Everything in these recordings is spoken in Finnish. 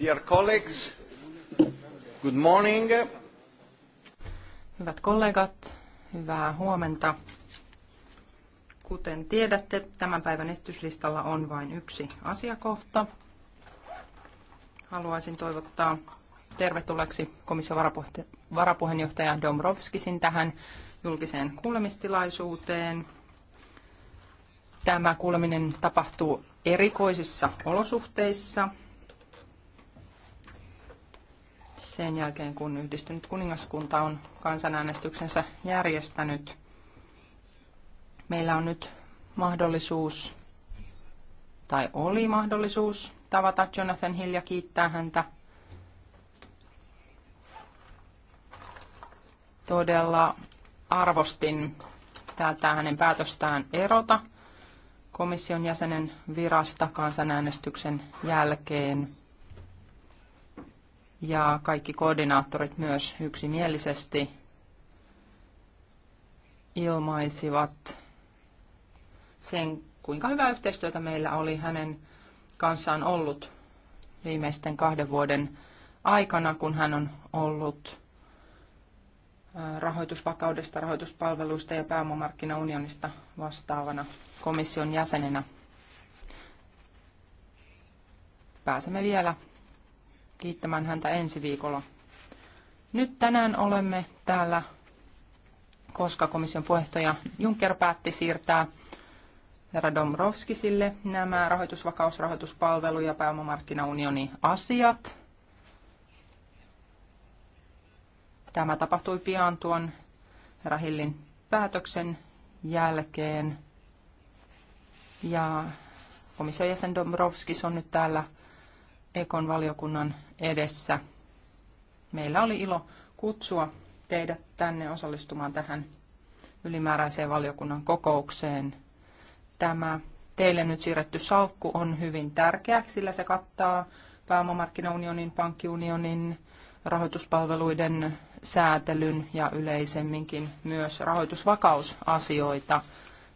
Dear colleagues, good morning. Hyvät kollegat, hyvää huomenta. Kuten tiedätte, tämän päivän esityslistalla on vain yksi asiakohta. Haluaisin toivottaa tervetulleeksi komission varapuheenjohtaja Domrovskisin tähän julkiseen kuulemistilaisuuteen. Tämä kuuleminen tapahtuu erikoisissa olosuhteissa – sen jälkeen, kun yhdistynyt kuningaskunta on kansanäänestyksensä järjestänyt. Meillä on nyt mahdollisuus, tai oli mahdollisuus, tavata Jonathan Hill ja kiittää häntä todella arvostin tätä hänen päätöstään erota komission jäsenen virasta kansanäänestyksen jälkeen ja kaikki koordinaattorit myös yksimielisesti ilmaisivat sen, kuinka hyvää yhteistyötä meillä oli hänen kanssaan ollut viimeisten kahden vuoden aikana, kun hän on ollut rahoitusvakaudesta, rahoituspalveluista ja pääomamarkkinaunionista vastaavana komission jäsenenä. Pääsemme vielä kiittämään häntä ensi viikolla. Nyt tänään olemme täällä, koska komission puheenjohtaja Juncker päätti siirtää herra Domrovskisille nämä rahoitusvakaus, rahoituspalvelu ja pääomamarkkinaunionin asiat. Tämä tapahtui pian tuon herra Hillin päätöksen jälkeen. Ja komission jäsen Domrovskis on nyt täällä Ekon valiokunnan edessä. Meillä oli ilo kutsua teidät tänne osallistumaan tähän ylimääräiseen valiokunnan kokoukseen. Tämä teille nyt siirretty salkku on hyvin tärkeä, sillä se kattaa pääomamarkkinaunionin, pankkiunionin, rahoituspalveluiden säätelyn ja yleisemminkin myös rahoitusvakausasioita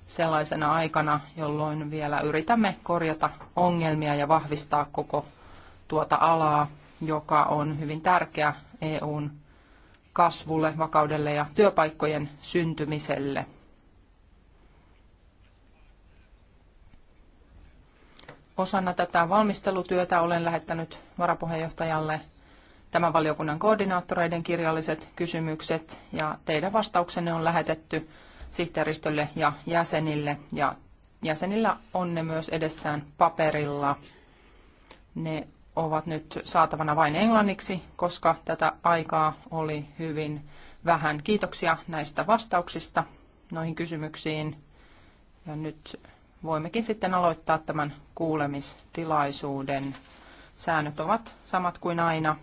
sellaisena aikana, jolloin vielä yritämme korjata ongelmia ja vahvistaa koko tuota alaa, joka on hyvin tärkeä EUn kasvulle, vakaudelle ja työpaikkojen syntymiselle. Osana tätä valmistelutyötä olen lähettänyt varapuheenjohtajalle tämän valiokunnan koordinaattoreiden kirjalliset kysymykset ja teidän vastauksenne on lähetetty sihteeristölle ja jäsenille ja jäsenillä on ne myös edessään paperilla. Ne ovat nyt saatavana vain englanniksi, koska tätä aikaa oli hyvin vähän. Kiitoksia näistä vastauksista noihin kysymyksiin. Ja nyt voimmekin sitten aloittaa tämän kuulemistilaisuuden. Säännöt ovat samat kuin aina.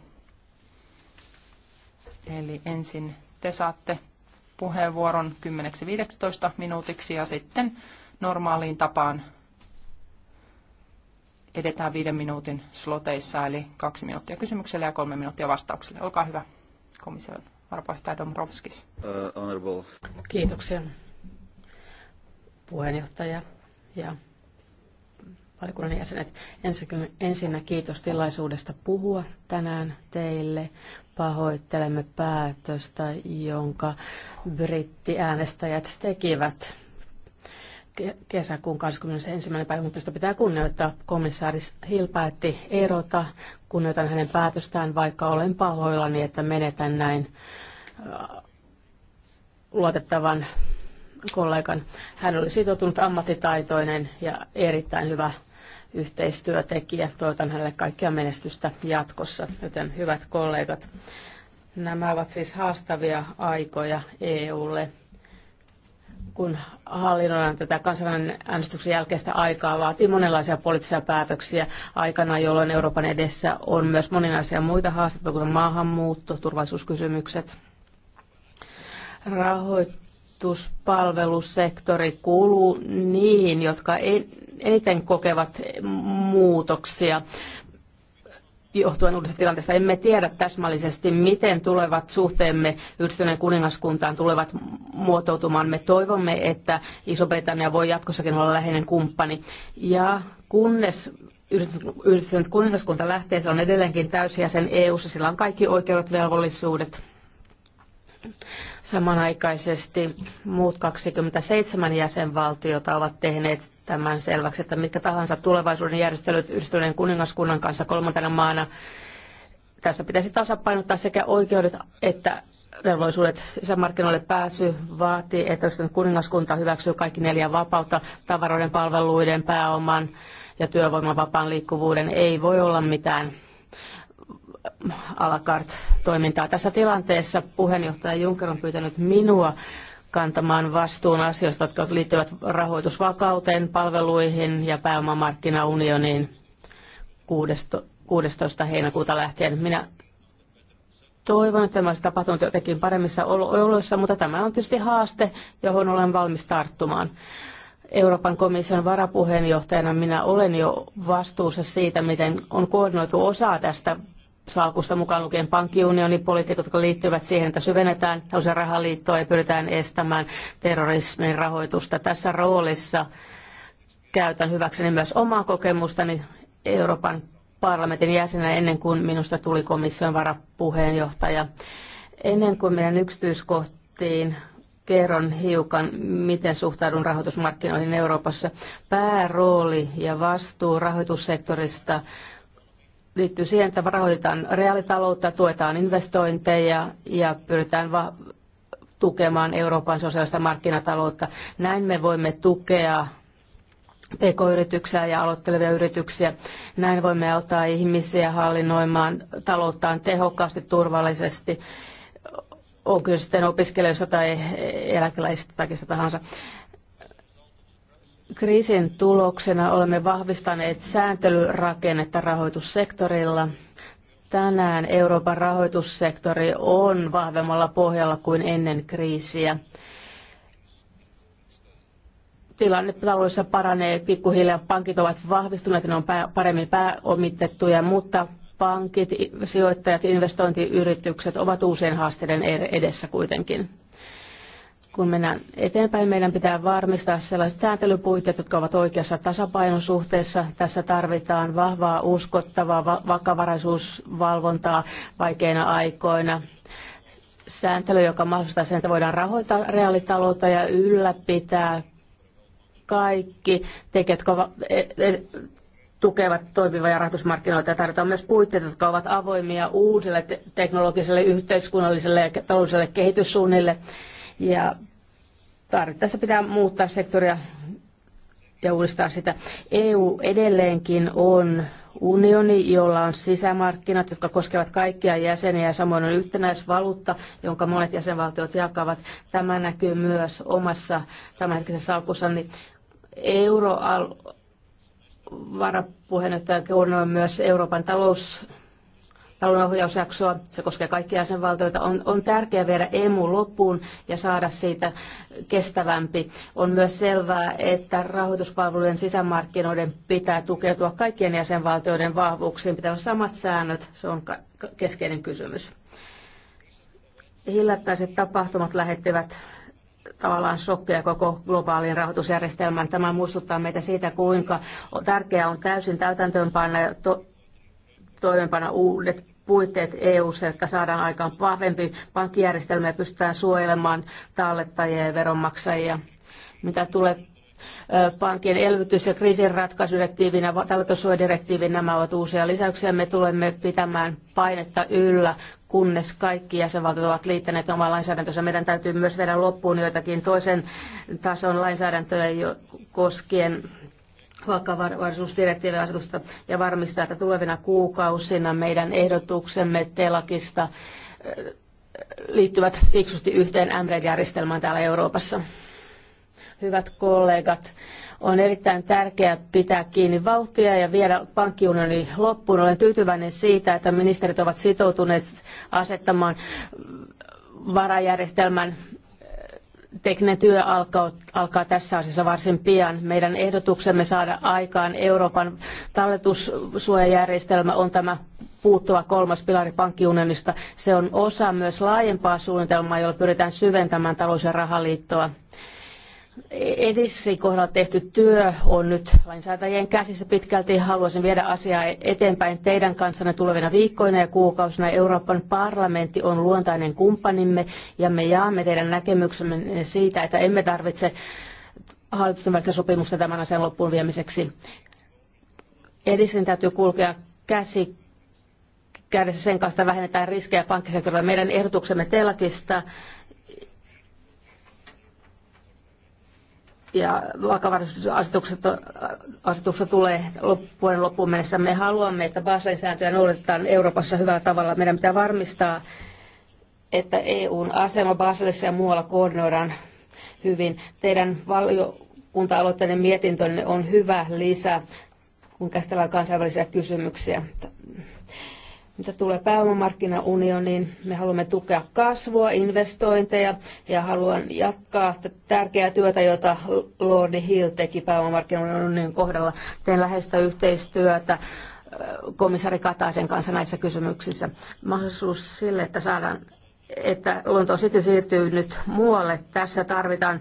Eli ensin te saatte puheenvuoron 10-15 minuutiksi ja sitten normaaliin tapaan edetään viiden minuutin sloteissa, eli kaksi minuuttia kysymykselle ja kolme minuuttia vastaukselle. Olkaa hyvä, komission varapuheenjohtaja Domrovskis. Uh, honorable. Kiitoksia puheenjohtaja ja valiokunnan jäsenet. Ensinnä kiitos tilaisuudesta puhua tänään teille. Pahoittelemme päätöstä, jonka brittiäänestäjät tekivät kesäkuun 21. päivä, mutta sitä pitää kunnioittaa. Komissaaris Hill päätti erota, kunnioitan hänen päätöstään, vaikka olen pahoillani, että menetän näin äh, luotettavan kollegan. Hän oli sitoutunut ammattitaitoinen ja erittäin hyvä yhteistyötekijä. Toivotan hänelle kaikkia menestystä jatkossa, joten hyvät kollegat. Nämä ovat siis haastavia aikoja EUlle kun hallinnoidaan tätä kansainvälisen äänestyksen jälkeistä aikaa, vaatii monenlaisia poliittisia päätöksiä aikana, jolloin Euroopan edessä on myös moninaisia muita haasteita, kuten maahanmuutto, turvallisuuskysymykset, rahoituspalvelusektori kuuluu niihin, jotka eniten kokevat muutoksia johtuen uudesta tilanteesta. Emme tiedä täsmällisesti, miten tulevat suhteemme yhdistyneen kuningaskuntaan tulevat muotoutumaan. Me toivomme, että Iso-Britannia voi jatkossakin olla läheinen kumppani. Ja kunnes yhdistynyt kuningaskunta lähtee, se on edelleenkin täysjäsen EU-ssa, sillä on kaikki oikeudet, velvollisuudet Samanaikaisesti muut 27 jäsenvaltiota ovat tehneet tämän selväksi, että mitkä tahansa tulevaisuuden järjestelyt yhdistyneen kuningaskunnan kanssa kolmantena maana. Tässä pitäisi tasapainottaa sekä oikeudet että velvollisuudet sisämarkkinoille pääsy vaatii, että jos kuningaskunta hyväksyy kaikki neljä vapautta, tavaroiden, palveluiden, pääoman ja työvoiman vapaan liikkuvuuden, ei voi olla mitään alakart-toimintaa. Tässä tilanteessa puheenjohtaja Juncker on pyytänyt minua kantamaan vastuun asioista, jotka liittyvät rahoitusvakauteen, palveluihin ja pääomamarkkinaunioniin 16. heinäkuuta lähtien. Minä toivon, että tämä olisi tapahtunut jotenkin paremmissa oloissa, mutta tämä on tietysti haaste, johon olen valmis tarttumaan. Euroopan komission varapuheenjohtajana minä olen jo vastuussa siitä, miten on koordinoitu osaa tästä salkusta mukaan lukien pankkiunionin poliitikot, jotka liittyvät siihen, että syvennetään osa rahaliittoa ja pyritään estämään terrorismin rahoitusta. Tässä roolissa käytän hyväkseni myös omaa kokemustani Euroopan parlamentin jäsenä ennen kuin minusta tuli komission varapuheenjohtaja. Ennen kuin menen yksityiskohtiin, kerron hiukan, miten suhtaudun rahoitusmarkkinoihin Euroopassa. Päärooli ja vastuu rahoitussektorista liittyy siihen, että rahoitetaan reaalitaloutta, tuetaan investointeja ja pyritään va- tukemaan Euroopan sosiaalista markkinataloutta. Näin me voimme tukea pk-yrityksiä ja aloittelevia yrityksiä. Näin voimme auttaa ihmisiä hallinnoimaan talouttaan tehokkaasti, turvallisesti on kyse sitten opiskelijoista tai eläkeläisistä tai tahansa. Kriisin tuloksena olemme vahvistaneet sääntelyrakennetta rahoitussektorilla. Tänään Euroopan rahoitussektori on vahvemmalla pohjalla kuin ennen kriisiä. Tilanne taloudessa paranee pikkuhiljaa. Pankit ovat vahvistuneet, ne on paremmin pääomitettuja, mutta pankit, sijoittajat, investointiyritykset ovat uusien haasteiden edessä kuitenkin. Kun mennään eteenpäin, meidän pitää varmistaa sellaiset sääntelypuitteet, jotka ovat oikeassa tasapainon suhteessa. Tässä tarvitaan vahvaa, uskottavaa vakavaraisuusvalvontaa vaikeina aikoina sääntely, joka mahdollistaa sen, että voidaan rahoittaa reaalitaloutta ja ylläpitää kaikki tekijät, jotka e- e- tukevat toimivia rahoitusmarkkinoita. Ja tarvitaan myös puitteita, jotka ovat avoimia uudelle teknologiselle, yhteiskunnalliselle ja taloudelliselle kehityssuunnille ja tarvittaessa pitää muuttaa sektoria ja uudistaa sitä. EU edelleenkin on unioni, jolla on sisämarkkinat, jotka koskevat kaikkia jäseniä ja samoin on yhtenäisvaluutta, jonka monet jäsenvaltiot jakavat. Tämä näkyy myös omassa tämänhetkisessä salkussani. Niin euro varapuheenjohtaja on myös Euroopan talous talouden se koskee kaikkia jäsenvaltioita, on, on tärkeää viedä EMU loppuun ja saada siitä kestävämpi. On myös selvää, että rahoituspalvelujen sisämarkkinoiden pitää tukeutua kaikkien jäsenvaltioiden vahvuuksiin, pitää olla samat säännöt, se on keskeinen kysymys. Hillättäiset tapahtumat lähettivät tavallaan shokkeja koko globaalin rahoitusjärjestelmän. Tämä muistuttaa meitä siitä, kuinka tärkeää on täysin täytäntöönpanna ja to- toimeenpana uudet puitteet eu jotka saadaan aikaan vahvempi pankkijärjestelmä ja pystytään suojelemaan tallettajia ja veronmaksajia. Mitä tulee pankkien elvytys- ja kriisinratkaisudirektiivin ja talletussuojadirektiivin nämä ovat uusia lisäyksiä. Me tulemme pitämään painetta yllä, kunnes kaikki jäsenvaltiot ovat liittäneet omaa lainsäädäntönsä. Meidän täytyy myös viedä loppuun joitakin toisen tason lainsäädäntöjä koskien asetusta ja varmistaa, että tulevina kuukausina meidän ehdotuksemme telakista eh, liittyvät fiksusti yhteen MRED-järjestelmään täällä Euroopassa. Hyvät kollegat, on erittäin tärkeää pitää kiinni vauhtia ja viedä pankkiunioni loppuun. Olen tyytyväinen siitä, että ministerit ovat sitoutuneet asettamaan varajärjestelmän tekninen työ alkaa, alkaa tässä asiassa varsin pian. Meidän ehdotuksemme saada aikaan Euroopan talletussuojajärjestelmä on tämä puuttuva kolmas pilari pankkiunionista. Se on osa myös laajempaa suunnitelmaa, jolla pyritään syventämään talous- ja rahaliittoa. Edissin kohdalla tehty työ on nyt lainsäätäjien käsissä pitkälti. Haluaisin viedä asiaa eteenpäin teidän kanssanne tulevina viikkoina ja kuukausina. Euroopan parlamentti on luontainen kumppanimme ja me jaamme teidän näkemyksemme siitä, että emme tarvitse hallitusten välistä sopimusta tämän asian loppuun viemiseksi. Edissin täytyy kulkea käsi kädessä sen kanssa, vähennetään riskejä pankkisektorilla. Meidän ehdotuksemme telakista ja vakavaraisuusasetuksessa tulee vuoden loppuun mennessä. Me haluamme, että Baselin sääntöjä noudatetaan Euroopassa hyvällä tavalla. Meidän pitää varmistaa, että EUn asema Baselissa ja muualla koordinoidaan hyvin. Teidän valiokunta aloitteiden mietintönne on hyvä lisä, kun käsitellään kansainvälisiä kysymyksiä. Mitä tulee pääomamarkkinaunioniin, me haluamme tukea kasvua, investointeja ja haluan jatkaa tärkeää työtä, jota Lordi Hill teki pääomamarkkinaunionin kohdalla. Teen läheistä yhteistyötä komissaari Kataisen kanssa näissä kysymyksissä. Mahdollisuus sille, että saadaan että Lontoon City siirtyy nyt muualle. Tässä tarvitaan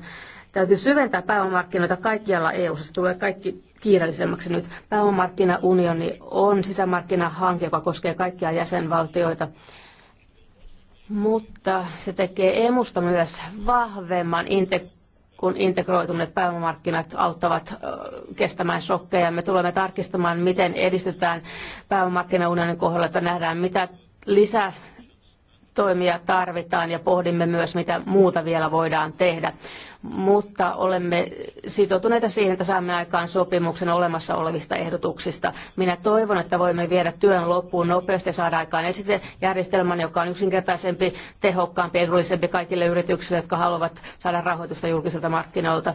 Täytyy syventää pääomamarkkinoita kaikkialla EU-ssa. Se tulee kaikki kiireellisemmäksi nyt. Pääomamarkkinaunioni on sisämarkkinahanke, joka koskee kaikkia jäsenvaltioita. Mutta se tekee emusta myös vahvemman kun integroituneet pääomamarkkinat auttavat kestämään shokkeja. Me tulemme tarkistamaan, miten edistytään pääomamarkkinaunionin kohdalla, että nähdään, mitä lisää toimia tarvitaan ja pohdimme myös, mitä muuta vielä voidaan tehdä. Mutta olemme sitoutuneita siihen, että saamme aikaan sopimuksen olemassa olevista ehdotuksista. Minä toivon, että voimme viedä työn loppuun nopeasti ja saada aikaan esitejärjestelmän, joka on yksinkertaisempi, tehokkaampi, edullisempi kaikille yrityksille, jotka haluavat saada rahoitusta julkisilta markkinoilta.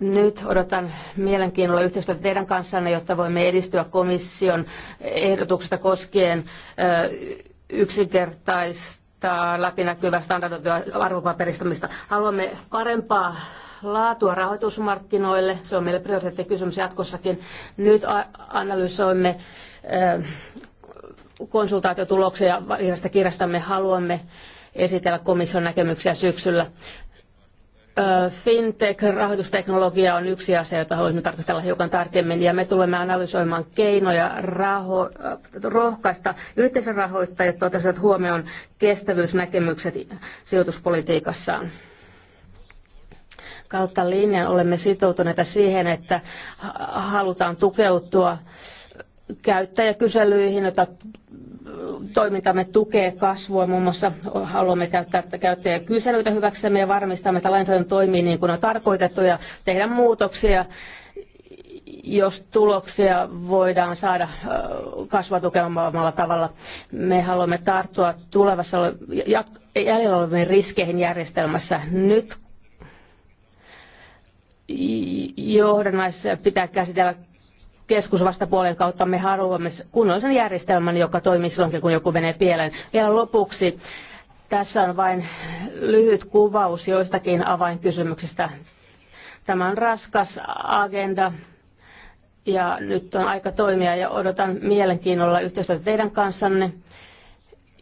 Nyt odotan mielenkiinnolla yhteistyötä teidän kanssanne, jotta voimme edistyä komission ehdotuksesta koskien yksinkertaistaa läpinäkyvää standardoitua arvopaperistamista. Haluamme parempaa laatua rahoitusmarkkinoille. Se on meille prioriteettikysymys jatkossakin. Nyt analysoimme eh, konsultaatiotuloksia ja kirjastamme haluamme esitellä komission näkemyksiä syksyllä. Fintech, rahoitusteknologia on yksi asia, jota haluaisimme tarkastella hiukan tarkemmin, ja me tulemme analysoimaan keinoja raho- rohkaista yhteisrahoittajat ottaisivat huomioon kestävyysnäkemykset sijoituspolitiikassaan. Kautta linjan olemme sitoutuneita siihen, että halutaan tukeutua käyttäjäkyselyihin, joita toimintamme tukee kasvua. Muun muassa haluamme käyttää käyttäjäkyselyitä hyväksemme ja varmistamme, että lainsäädäntö toimii niin kuin on tarkoitettu ja tehdä muutoksia jos tuloksia voidaan saada tukevammalla tavalla. Me haluamme tarttua tulevassa jäljellä oleviin riskeihin järjestelmässä. Nyt johdannaissa pitää käsitellä keskusvastapuolen kautta me haluamme kunnollisen järjestelmän, joka toimii silloinkin, kun joku menee pieleen. Vielä lopuksi tässä on vain lyhyt kuvaus joistakin avainkysymyksistä. Tämä on raskas agenda ja nyt on aika toimia ja odotan mielenkiinnolla yhteistyötä teidän kanssanne,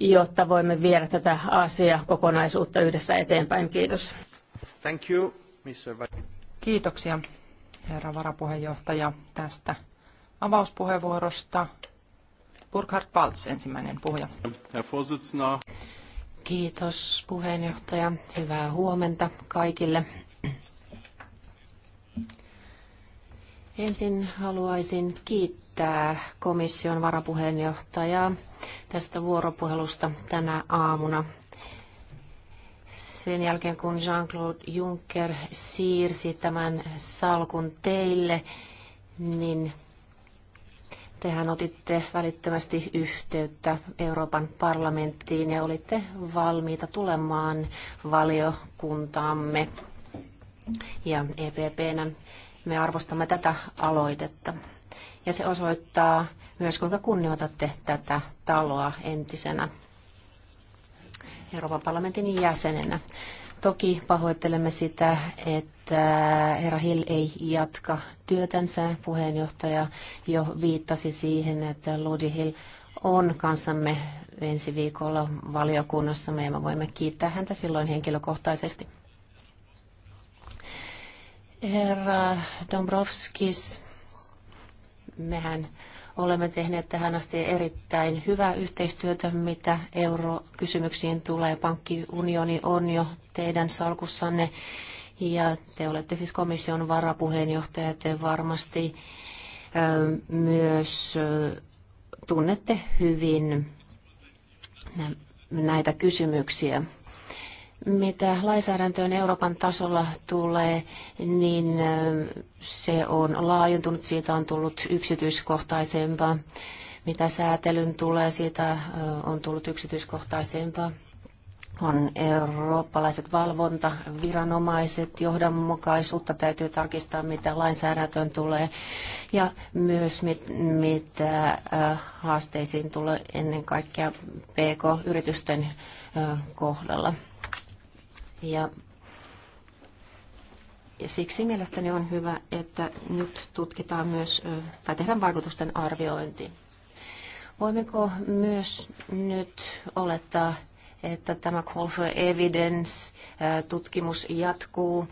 jotta voimme viedä tätä asiaa kokonaisuutta yhdessä eteenpäin. Kiitos. Thank you, Mr. Kiitoksia, herra varapuheenjohtaja, tästä avauspuheenvuorosta. Burkhard Paltz, ensimmäinen puhuja. Kiitos puheenjohtaja. Hyvää huomenta kaikille. Ensin haluaisin kiittää komission varapuheenjohtajaa tästä vuoropuhelusta tänä aamuna. Sen jälkeen kun Jean-Claude Juncker siirsi tämän salkun teille, niin Tehän otitte välittömästi yhteyttä Euroopan parlamenttiin ja olitte valmiita tulemaan valiokuntaamme. Ja EPPnä me arvostamme tätä aloitetta. Ja se osoittaa myös, kuinka kunnioitatte tätä taloa entisenä Euroopan parlamentin jäsenenä. Toki pahoittelemme sitä, että herra Hill ei jatka työtänsä. Puheenjohtaja jo viittasi siihen, että Ludi Hill on kanssamme ensi viikolla valiokunnassa ja me voimme kiittää häntä silloin henkilökohtaisesti. Herra Dombrovskis, mehän Olemme tehneet tähän asti erittäin hyvää yhteistyötä, mitä eurokysymyksiin tulee. Pankkiunioni on jo teidän salkussanne ja te olette siis komission varapuheenjohtaja. Te varmasti myös tunnette hyvin näitä kysymyksiä. Mitä lainsäädäntöön Euroopan tasolla tulee, niin se on laajentunut, siitä on tullut yksityiskohtaisempaa. Mitä säätelyn tulee, siitä on tullut yksityiskohtaisempaa. On eurooppalaiset valvontaviranomaiset, johdonmukaisuutta täytyy tarkistaa, mitä lainsäädäntöön tulee ja myös mit, mitä haasteisiin tulee ennen kaikkea PK-yritysten kohdalla. Ja, ja siksi mielestäni on hyvä, että nyt tutkitaan myös tai tehdään vaikutusten arviointi. Voimmeko myös nyt olettaa, että tämä Call for Evidence-tutkimus jatkuu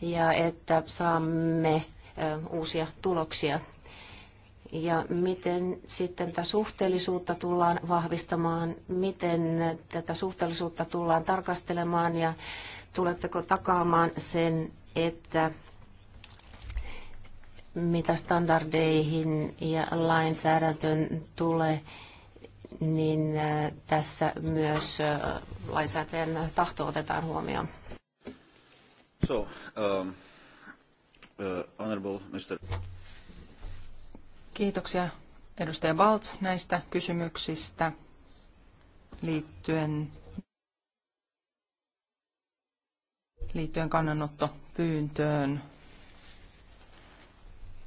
ja että saamme uusia tuloksia. Ja miten sitten tätä suhteellisuutta tullaan vahvistamaan, miten tätä suhteellisuutta tullaan tarkastelemaan ja tuletteko takaamaan sen, että mitä standardeihin ja lainsäädäntöön tulee, niin äh, tässä myös äh, lainsäätäjän tahto otetaan huomioon. So, um, uh, honorable Mr. Kiitoksia edustaja Baltz näistä kysymyksistä liittyen liittyen kannanottopyyntöön.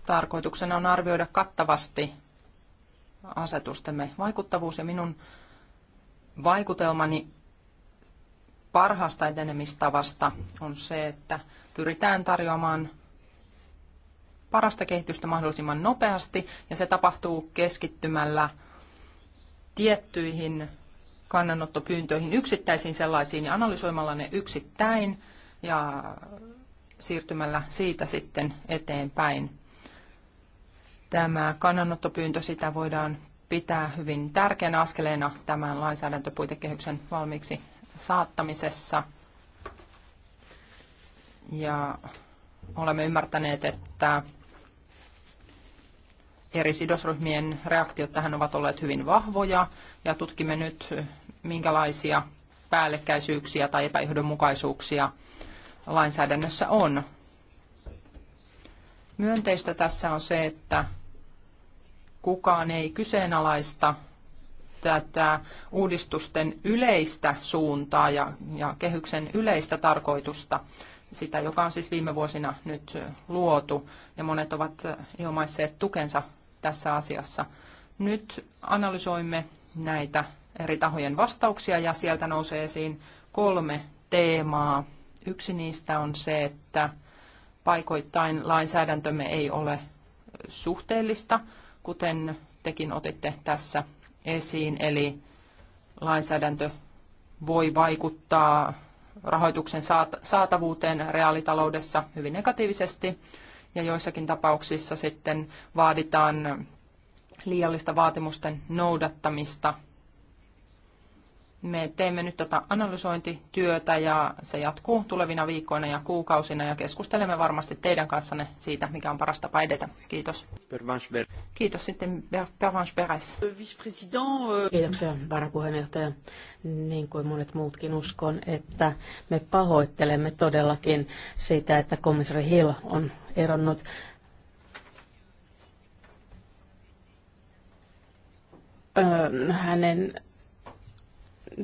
Tarkoituksena on arvioida kattavasti asetustemme vaikuttavuus ja minun vaikutelmani parhaasta etenemistavasta on se, että pyritään tarjoamaan parasta kehitystä mahdollisimman nopeasti ja se tapahtuu keskittymällä tiettyihin kannanottopyyntöihin yksittäisiin sellaisiin ja analysoimalla ne yksittäin ja siirtymällä siitä sitten eteenpäin. Tämä kannanottopyyntö, sitä voidaan pitää hyvin tärkeänä askeleena tämän lainsäädäntöpuitekehyksen valmiiksi saattamisessa. Ja olemme ymmärtäneet, että eri sidosryhmien reaktiot tähän ovat olleet hyvin vahvoja ja tutkimme nyt, minkälaisia päällekkäisyyksiä tai epäjohdonmukaisuuksia – lainsäädännössä on. Myönteistä tässä on se, että kukaan ei kyseenalaista tätä uudistusten yleistä suuntaa ja, ja kehyksen yleistä tarkoitusta, sitä joka on siis viime vuosina nyt luotu, ja monet ovat ilmaisseet tukensa tässä asiassa. Nyt analysoimme näitä eri tahojen vastauksia ja sieltä nousee esiin kolme teemaa, Yksi niistä on se, että paikoittain lainsäädäntömme ei ole suhteellista, kuten tekin otitte tässä esiin, eli lainsäädäntö voi vaikuttaa rahoituksen saatavuuteen reaalitaloudessa hyvin negatiivisesti, ja joissakin tapauksissa sitten vaaditaan liiallista vaatimusten noudattamista – me teemme nyt tätä analysointityötä ja se jatkuu tulevina viikkoina ja kuukausina ja keskustelemme varmasti teidän kanssanne siitä, mikä on paras tapa edetä. Kiitos. Kiitos sitten Pervanche Beres. Kiitoksia varapuheenjohtaja. Niin kuin monet muutkin uskon, että me pahoittelemme todellakin sitä, että komissari Hill on eronnut öö, hänen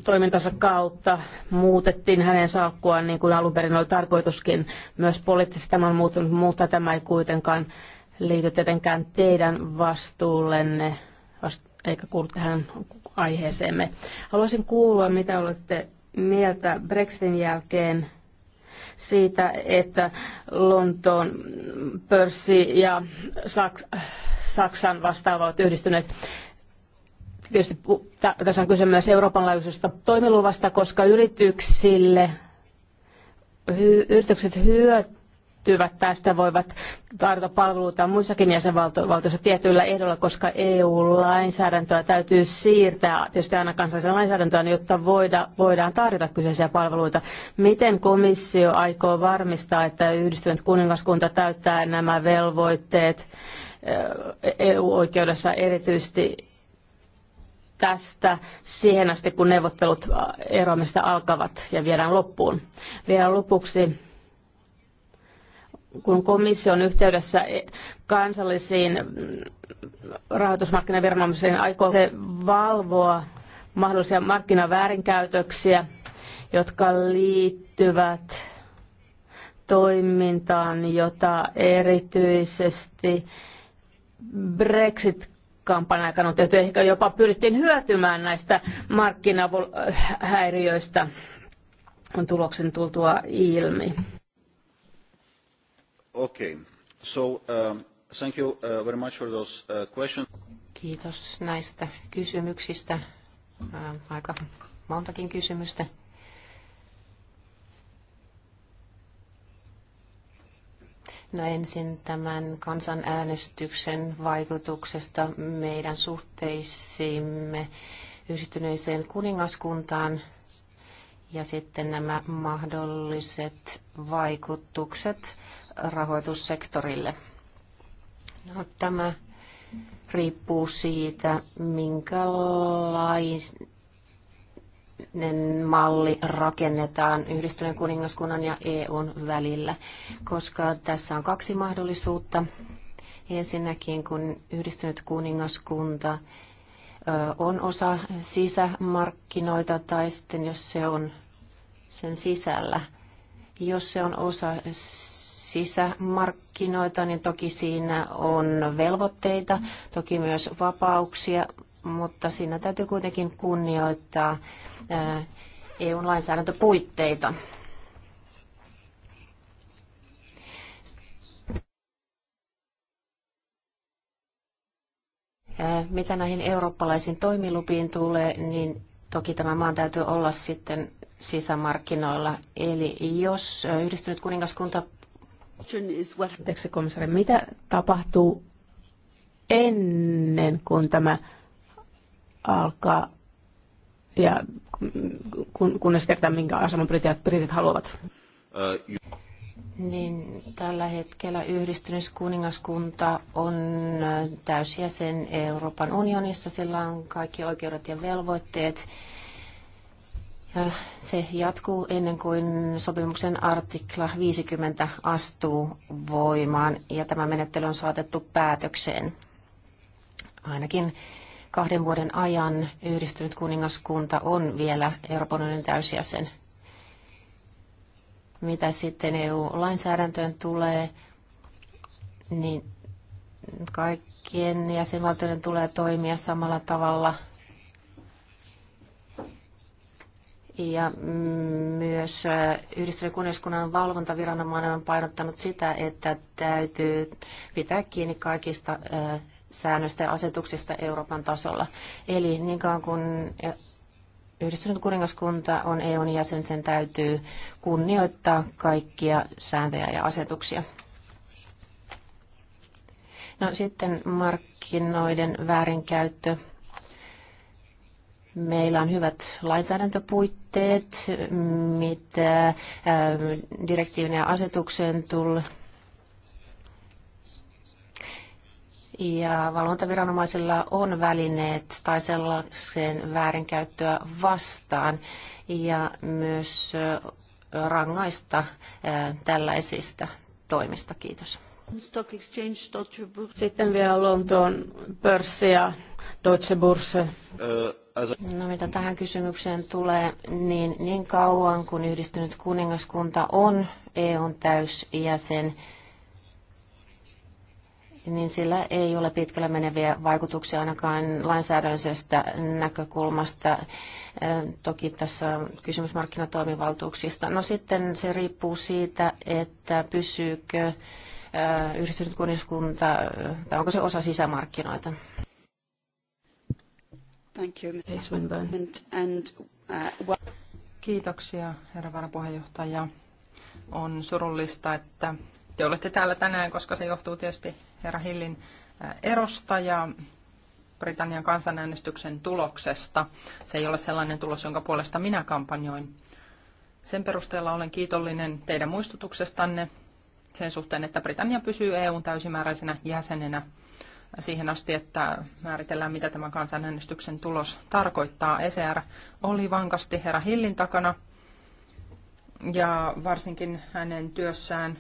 toimintansa kautta muutettiin hänen salkkuaan niin kuin alun perin oli tarkoituskin. Myös poliittisesti tämä on muuttunut, mutta tämä ei kuitenkaan liity tietenkään teidän vastuullenne eikä kuulu tähän aiheeseemme. Haluaisin kuulla, mitä olette mieltä Brexitin jälkeen siitä, että Lontoon pörssi ja Saks, Saksan vastaava ovat yhdistyneet. Tietysti tässä on kyse myös Euroopan laajuisesta toimiluvasta, koska yrityksille, hy, yritykset hyötyvät tästä, voivat tarjota palveluita muissakin jäsenvaltioissa tietyillä ehdoilla, koska EU-lainsäädäntöä täytyy siirtää, tietysti aina kansalliseen lainsäädäntöön, jotta voida, voidaan tarjota kyseisiä palveluita. Miten komissio aikoo varmistaa, että yhdistynyt kuningaskunta täyttää nämä velvoitteet EU-oikeudessa e erityisesti tästä siihen asti, kun neuvottelut eroamista alkavat ja viedään loppuun. Vielä lopuksi, kun komissio on yhteydessä e- kansallisiin rahoitusmarkkinaviranomaisiin aikoo se valvoa mahdollisia markkinaväärinkäytöksiä, jotka liittyvät toimintaan, jota erityisesti Brexit kampanjan aikana on tehty. Ehkä jopa pyrittiin hyötymään näistä markkinahäiriöistä on tuloksen tultua ilmi. Okay. So, uh, thank you uh, very much for those uh, questions. Kiitos näistä kysymyksistä. Aika montakin kysymystä. No ensin tämän kansanäänestyksen vaikutuksesta meidän suhteisiimme yhdistyneeseen kuningaskuntaan ja sitten nämä mahdolliset vaikutukset rahoitussektorille. No, tämä riippuu siitä, minkälainen malli rakennetaan Yhdistyneen kuningaskunnan ja EUn välillä, koska tässä on kaksi mahdollisuutta. Ensinnäkin, kun Yhdistynyt kuningaskunta on osa sisämarkkinoita tai sitten jos se on sen sisällä. Jos se on osa sisämarkkinoita, niin toki siinä on velvoitteita, toki myös vapauksia, mutta siinä täytyy kuitenkin kunnioittaa eu lainsäädäntöpuitteita. Mitä näihin eurooppalaisiin toimilupiin tulee, niin toki tämä maan täytyy olla sitten sisämarkkinoilla. Eli jos yhdistynyt kuningaskunta... Anteeksi komissaari, mitä tapahtuu ennen kuin tämä alkaa ja kun, kunnes kertaa, minkä aseman britit, britit haluavat. Niin, tällä hetkellä yhdistynyt on täysjäsen Euroopan unionissa. Sillä on kaikki oikeudet ja velvoitteet. Ja se jatkuu ennen kuin sopimuksen artikla 50 astuu voimaan ja tämä menettely on saatettu päätökseen. Ainakin kahden vuoden ajan yhdistynyt kuningaskunta on vielä Euroopan unionin täysjäsen. Mitä sitten EU-lainsäädäntöön tulee, niin kaikkien jäsenvaltioiden tulee toimia samalla tavalla Ja myös yhdistyneen kuningaskunnan valvontaviranomainen on painottanut sitä, että täytyy pitää kiinni kaikista säännöstä ja asetuksista Euroopan tasolla. Eli niin kauan kuin yhdistynyt kuningaskunta on EUn jäsen, sen täytyy kunnioittaa kaikkia sääntöjä ja asetuksia. No sitten markkinoiden väärinkäyttö. Meillä on hyvät lainsäädäntöpuitteet, mitä direktiivin ja asetuksen tulee Ja valvontaviranomaisilla on välineet tai sellaiseen väärinkäyttöä vastaan ja myös rangaista tällaisista toimista. Kiitos. Stock Exchange, Deutsche Börse. Sitten vielä Lontoon pörssi ja Deutsche Börse. No mitä tähän kysymykseen tulee, niin niin kauan kuin yhdistynyt kuningaskunta on EUn täysjäsen, niin sillä ei ole pitkällä meneviä vaikutuksia ainakaan lainsäädännöllisestä näkökulmasta. Toki tässä on kysymys markkinatoimivaltuuksista. No sitten se riippuu siitä, että pysyykö yhdistynyt kuningaskunta, tai onko se osa sisämarkkinoita. Thank you, uh, Kiitoksia, herra varapuheenjohtaja. On surullista, että te olette täällä tänään, koska se johtuu tietysti herra Hillin äh, erosta ja Britannian kansanäänestyksen tuloksesta. Se ei ole sellainen tulos, jonka puolesta minä kampanjoin. Sen perusteella olen kiitollinen teidän muistutuksestanne sen suhteen, että Britannia pysyy EUn täysimääräisenä jäsenenä siihen asti, että määritellään, mitä tämä kansanäänestyksen tulos tarkoittaa. ECR oli vankasti herra Hillin takana ja varsinkin hänen työssään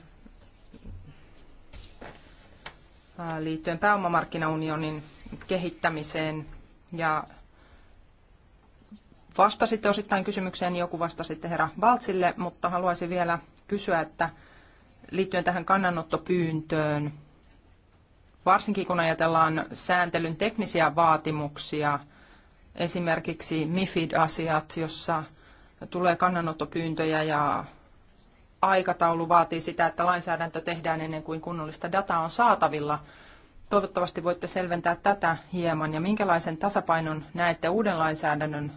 Äh, liittyen pääomamarkkinaunionin kehittämiseen ja vastasitte osittain kysymykseen, niin joku vastasi herra Valtsille, mutta haluaisin vielä kysyä, että liittyen tähän kannanottopyyntöön, varsinkin kun ajatellaan sääntelyn teknisiä vaatimuksia, esimerkiksi MIFID-asiat, jossa tulee kannanottopyyntöjä ja aikataulu vaatii sitä, että lainsäädäntö tehdään ennen kuin kunnollista dataa on saatavilla. Toivottavasti voitte selventää tätä hieman ja minkälaisen tasapainon näette uuden lainsäädännön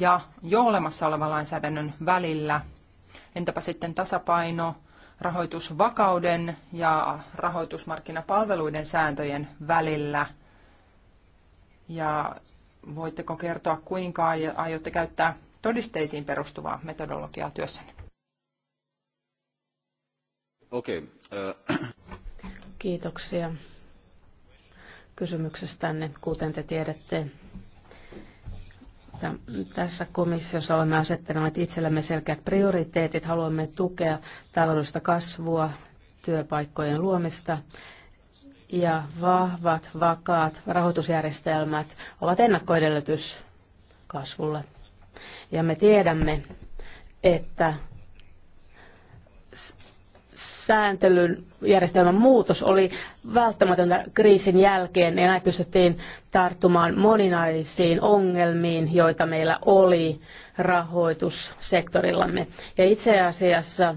ja jo olemassa olevan lainsäädännön välillä. Entäpä sitten tasapaino rahoitusvakauden ja rahoitusmarkkinapalveluiden sääntöjen välillä? Ja voitteko kertoa, kuinka aiotte käyttää todisteisiin perustuvaa metodologiaa työssänne? Äh. Kiitoksia kysymyksestänne. Kuten te tiedätte, tässä komissiossa olemme asettaneet itsellemme selkeät prioriteetit. Haluamme tukea taloudellista kasvua, työpaikkojen luomista ja vahvat, vakaat rahoitusjärjestelmät ovat ennakkoedellytys kasvulle. Ja me tiedämme, että sääntelyn järjestelmän muutos oli välttämätöntä kriisin jälkeen ja näin pystyttiin tarttumaan moninaisiin ongelmiin, joita meillä oli rahoitussektorillamme. Ja itse asiassa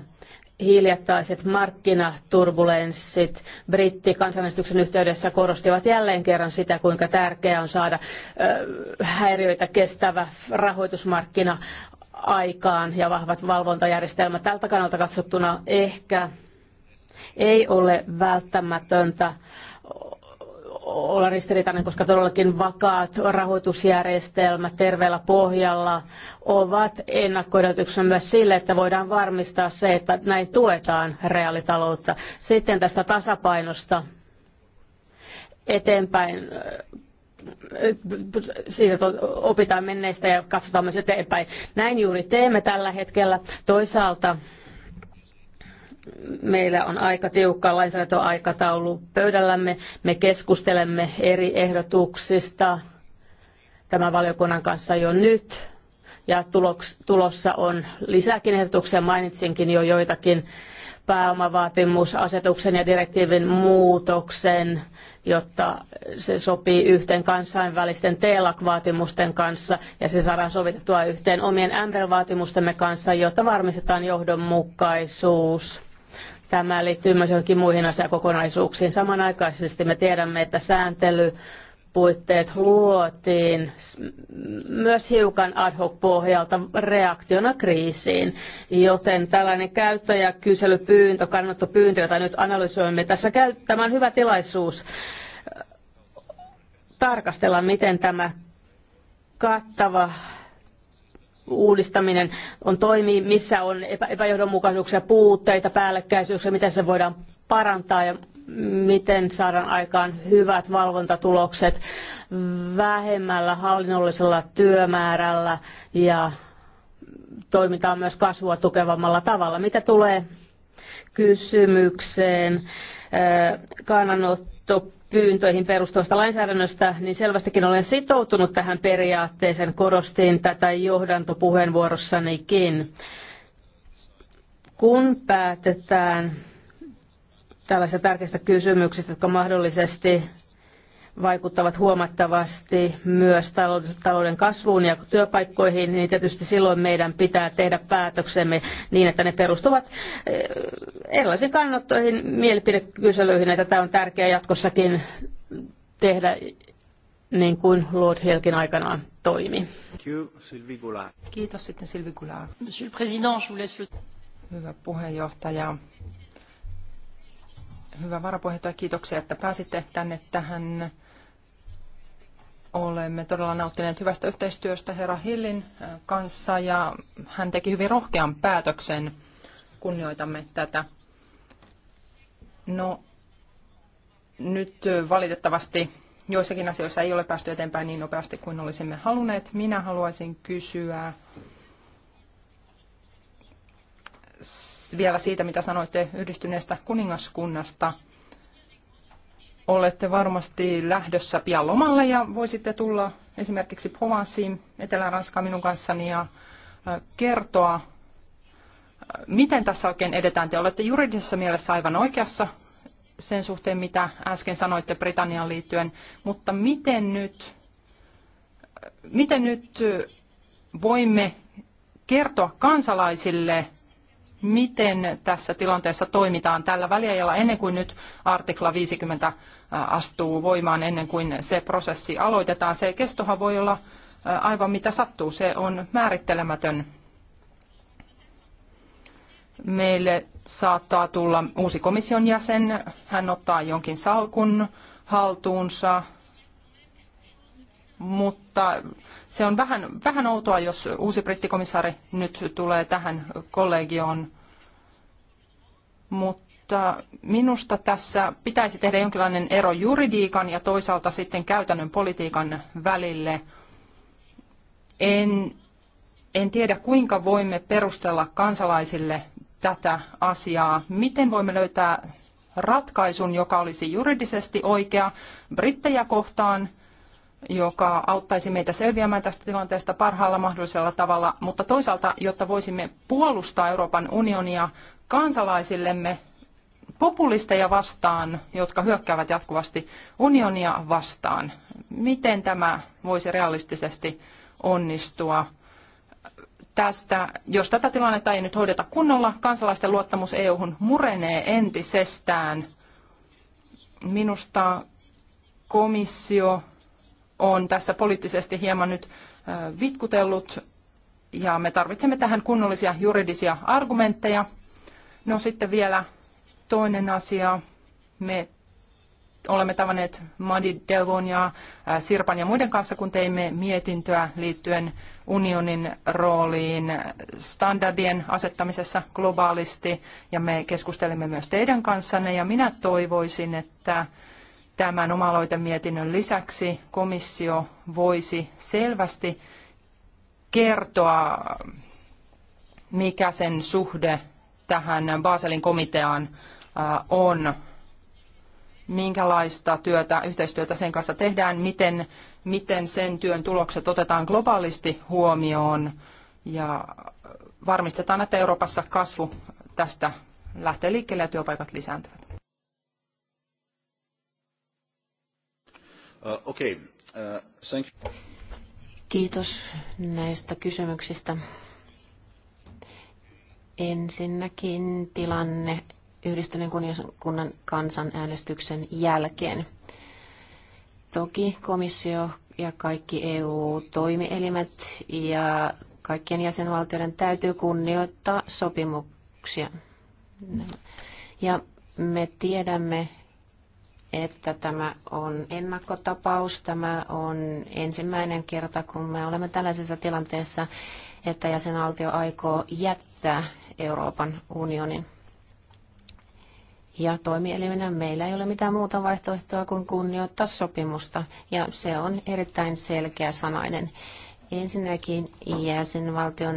hiljattaiset markkinaturbulenssit brittikansanäänestyksen yhteydessä korostivat jälleen kerran sitä, kuinka tärkeää on saada häiriöitä kestävä rahoitusmarkkina aikaan ja vahvat valvontajärjestelmät. Tältä kannalta katsottuna ehkä ei ole välttämätöntä olla ristiriitainen, koska todellakin vakaat rahoitusjärjestelmät terveellä pohjalla ovat ennakkoedellytyksenä myös sille, että voidaan varmistaa se, että näin tuetaan reaalitaloutta. Sitten tästä tasapainosta eteenpäin siitä opitaan menneistä ja katsotaan myös eteenpäin. Näin juuri teemme tällä hetkellä. Toisaalta meillä on aika tiukka lainsäädäntöaikataulu pöydällämme. Me keskustelemme eri ehdotuksista tämän valiokunnan kanssa jo nyt. Ja tulossa on lisääkin ehdotuksia. Mainitsinkin jo joitakin pääomavaatimusasetuksen ja direktiivin muutoksen, jotta se sopii yhteen kansainvälisten TELAK-vaatimusten kanssa ja se saadaan sovitettua yhteen omien MREL-vaatimustemme kanssa, jotta varmistetaan johdonmukaisuus Tämä liittyy myös johonkin muihin asiakokonaisuuksiin. Samanaikaisesti me tiedämme, että sääntely puitteet luotiin myös hiukan ad hoc pohjalta reaktiona kriisiin, joten tällainen käyttäjäkyselypyyntö, kannattopyyntö, jota nyt analysoimme tässä, tämä on hyvä tilaisuus äh, tarkastella, miten tämä kattava uudistaminen on toimii, missä on epäjohdonmukaisuuksia, puutteita, päällekkäisyyksiä, miten se voidaan parantaa ja miten saadaan aikaan hyvät valvontatulokset vähemmällä hallinnollisella työmäärällä ja toimitaan myös kasvua tukevammalla tavalla. Mitä tulee kysymykseen kannanotto pyyntöihin perustuvasta lainsäädännöstä, niin selvästikin olen sitoutunut tähän periaatteeseen. Korostin tätä johdantopuheenvuorossanikin. Kun päätetään tällaisista tärkeistä kysymyksistä, jotka mahdollisesti vaikuttavat huomattavasti myös talouden kasvuun ja työpaikkoihin, niin tietysti silloin meidän pitää tehdä päätöksemme niin, että ne perustuvat eh, erilaisiin kannanottoihin, mielipidekyselyihin, että tämä on tärkeää jatkossakin tehdä niin kuin Lord Helkin aikanaan toimi. Kiitos sitten Sylvie Goulard. Monsieur le Président, je vous laisse le... Hyvä puheenjohtaja. Hyvä varapuheenjohtaja, kiitoksia, että pääsitte tänne tähän Olemme todella nauttineet hyvästä yhteistyöstä herra Hillin äh, kanssa ja hän teki hyvin rohkean päätöksen. Kunnioitamme tätä. No, nyt äh, valitettavasti joissakin asioissa ei ole päästy eteenpäin niin nopeasti kuin olisimme halunneet. Minä haluaisin kysyä vielä siitä, mitä sanoitte yhdistyneestä kuningaskunnasta – olette varmasti lähdössä pian lomalle ja voisitte tulla esimerkiksi Provenceen Etelä-Ranskaan minun kanssani ja kertoa, miten tässä oikein edetään. Te olette juridisessa mielessä aivan oikeassa sen suhteen, mitä äsken sanoitte Britannian liittyen, mutta miten nyt, miten nyt voimme kertoa kansalaisille, miten tässä tilanteessa toimitaan tällä väliajalla ennen kuin nyt artikla 50 astuu voimaan ennen kuin se prosessi aloitetaan. Se kestohan voi olla aivan mitä sattuu, se on määrittelemätön. Meille saattaa tulla uusi komission jäsen, hän ottaa jonkin salkun haltuunsa, mutta se on vähän, vähän outoa, jos uusi brittikomissaari nyt tulee tähän kollegioon. Mutta mutta minusta tässä pitäisi tehdä jonkinlainen ero juridiikan ja toisaalta sitten käytännön politiikan välille. En, en tiedä, kuinka voimme perustella kansalaisille tätä asiaa. Miten voimme löytää ratkaisun, joka olisi juridisesti oikea brittejä kohtaan, joka auttaisi meitä selviämään tästä tilanteesta parhaalla mahdollisella tavalla, mutta toisaalta, jotta voisimme puolustaa Euroopan unionia kansalaisillemme populisteja vastaan, jotka hyökkäävät jatkuvasti unionia vastaan. Miten tämä voisi realistisesti onnistua? Tästä, jos tätä tilannetta ei nyt hoideta kunnolla, kansalaisten luottamus EU-hun murenee entisestään. Minusta komissio on tässä poliittisesti hieman nyt vitkutellut ja me tarvitsemme tähän kunnollisia juridisia argumentteja. No sitten vielä Toinen asia, me olemme tavanneet Madi Delvon ja Sirpan ja muiden kanssa, kun teimme mietintöä liittyen unionin rooliin standardien asettamisessa globaalisti. Ja me keskustelimme myös teidän kanssanne ja minä toivoisin, että tämän oma mietinnön lisäksi komissio voisi selvästi kertoa, mikä sen suhde tähän Baselin komiteaan on, minkälaista työtä, yhteistyötä sen kanssa tehdään, miten, miten sen työn tulokset otetaan globaalisti huomioon ja varmistetaan, että Euroopassa kasvu tästä lähtee liikkeelle ja työpaikat lisääntyvät. Uh, okay. uh, thank you. Kiitos näistä kysymyksistä. Ensinnäkin tilanne yhdistyneen kansan äänestyksen jälkeen. Toki komissio ja kaikki EU-toimielimet ja kaikkien jäsenvaltioiden täytyy kunnioittaa sopimuksia. Ja me tiedämme, että tämä on ennakkotapaus. Tämä on ensimmäinen kerta, kun me olemme tällaisessa tilanteessa, että jäsenvaltio aikoo jättää Euroopan unionin. Ja toimielimenä meillä ei ole mitään muuta vaihtoehtoa kuin kunnioittaa sopimusta, ja se on erittäin selkeä sanainen. Ensinnäkin jäsenvaltion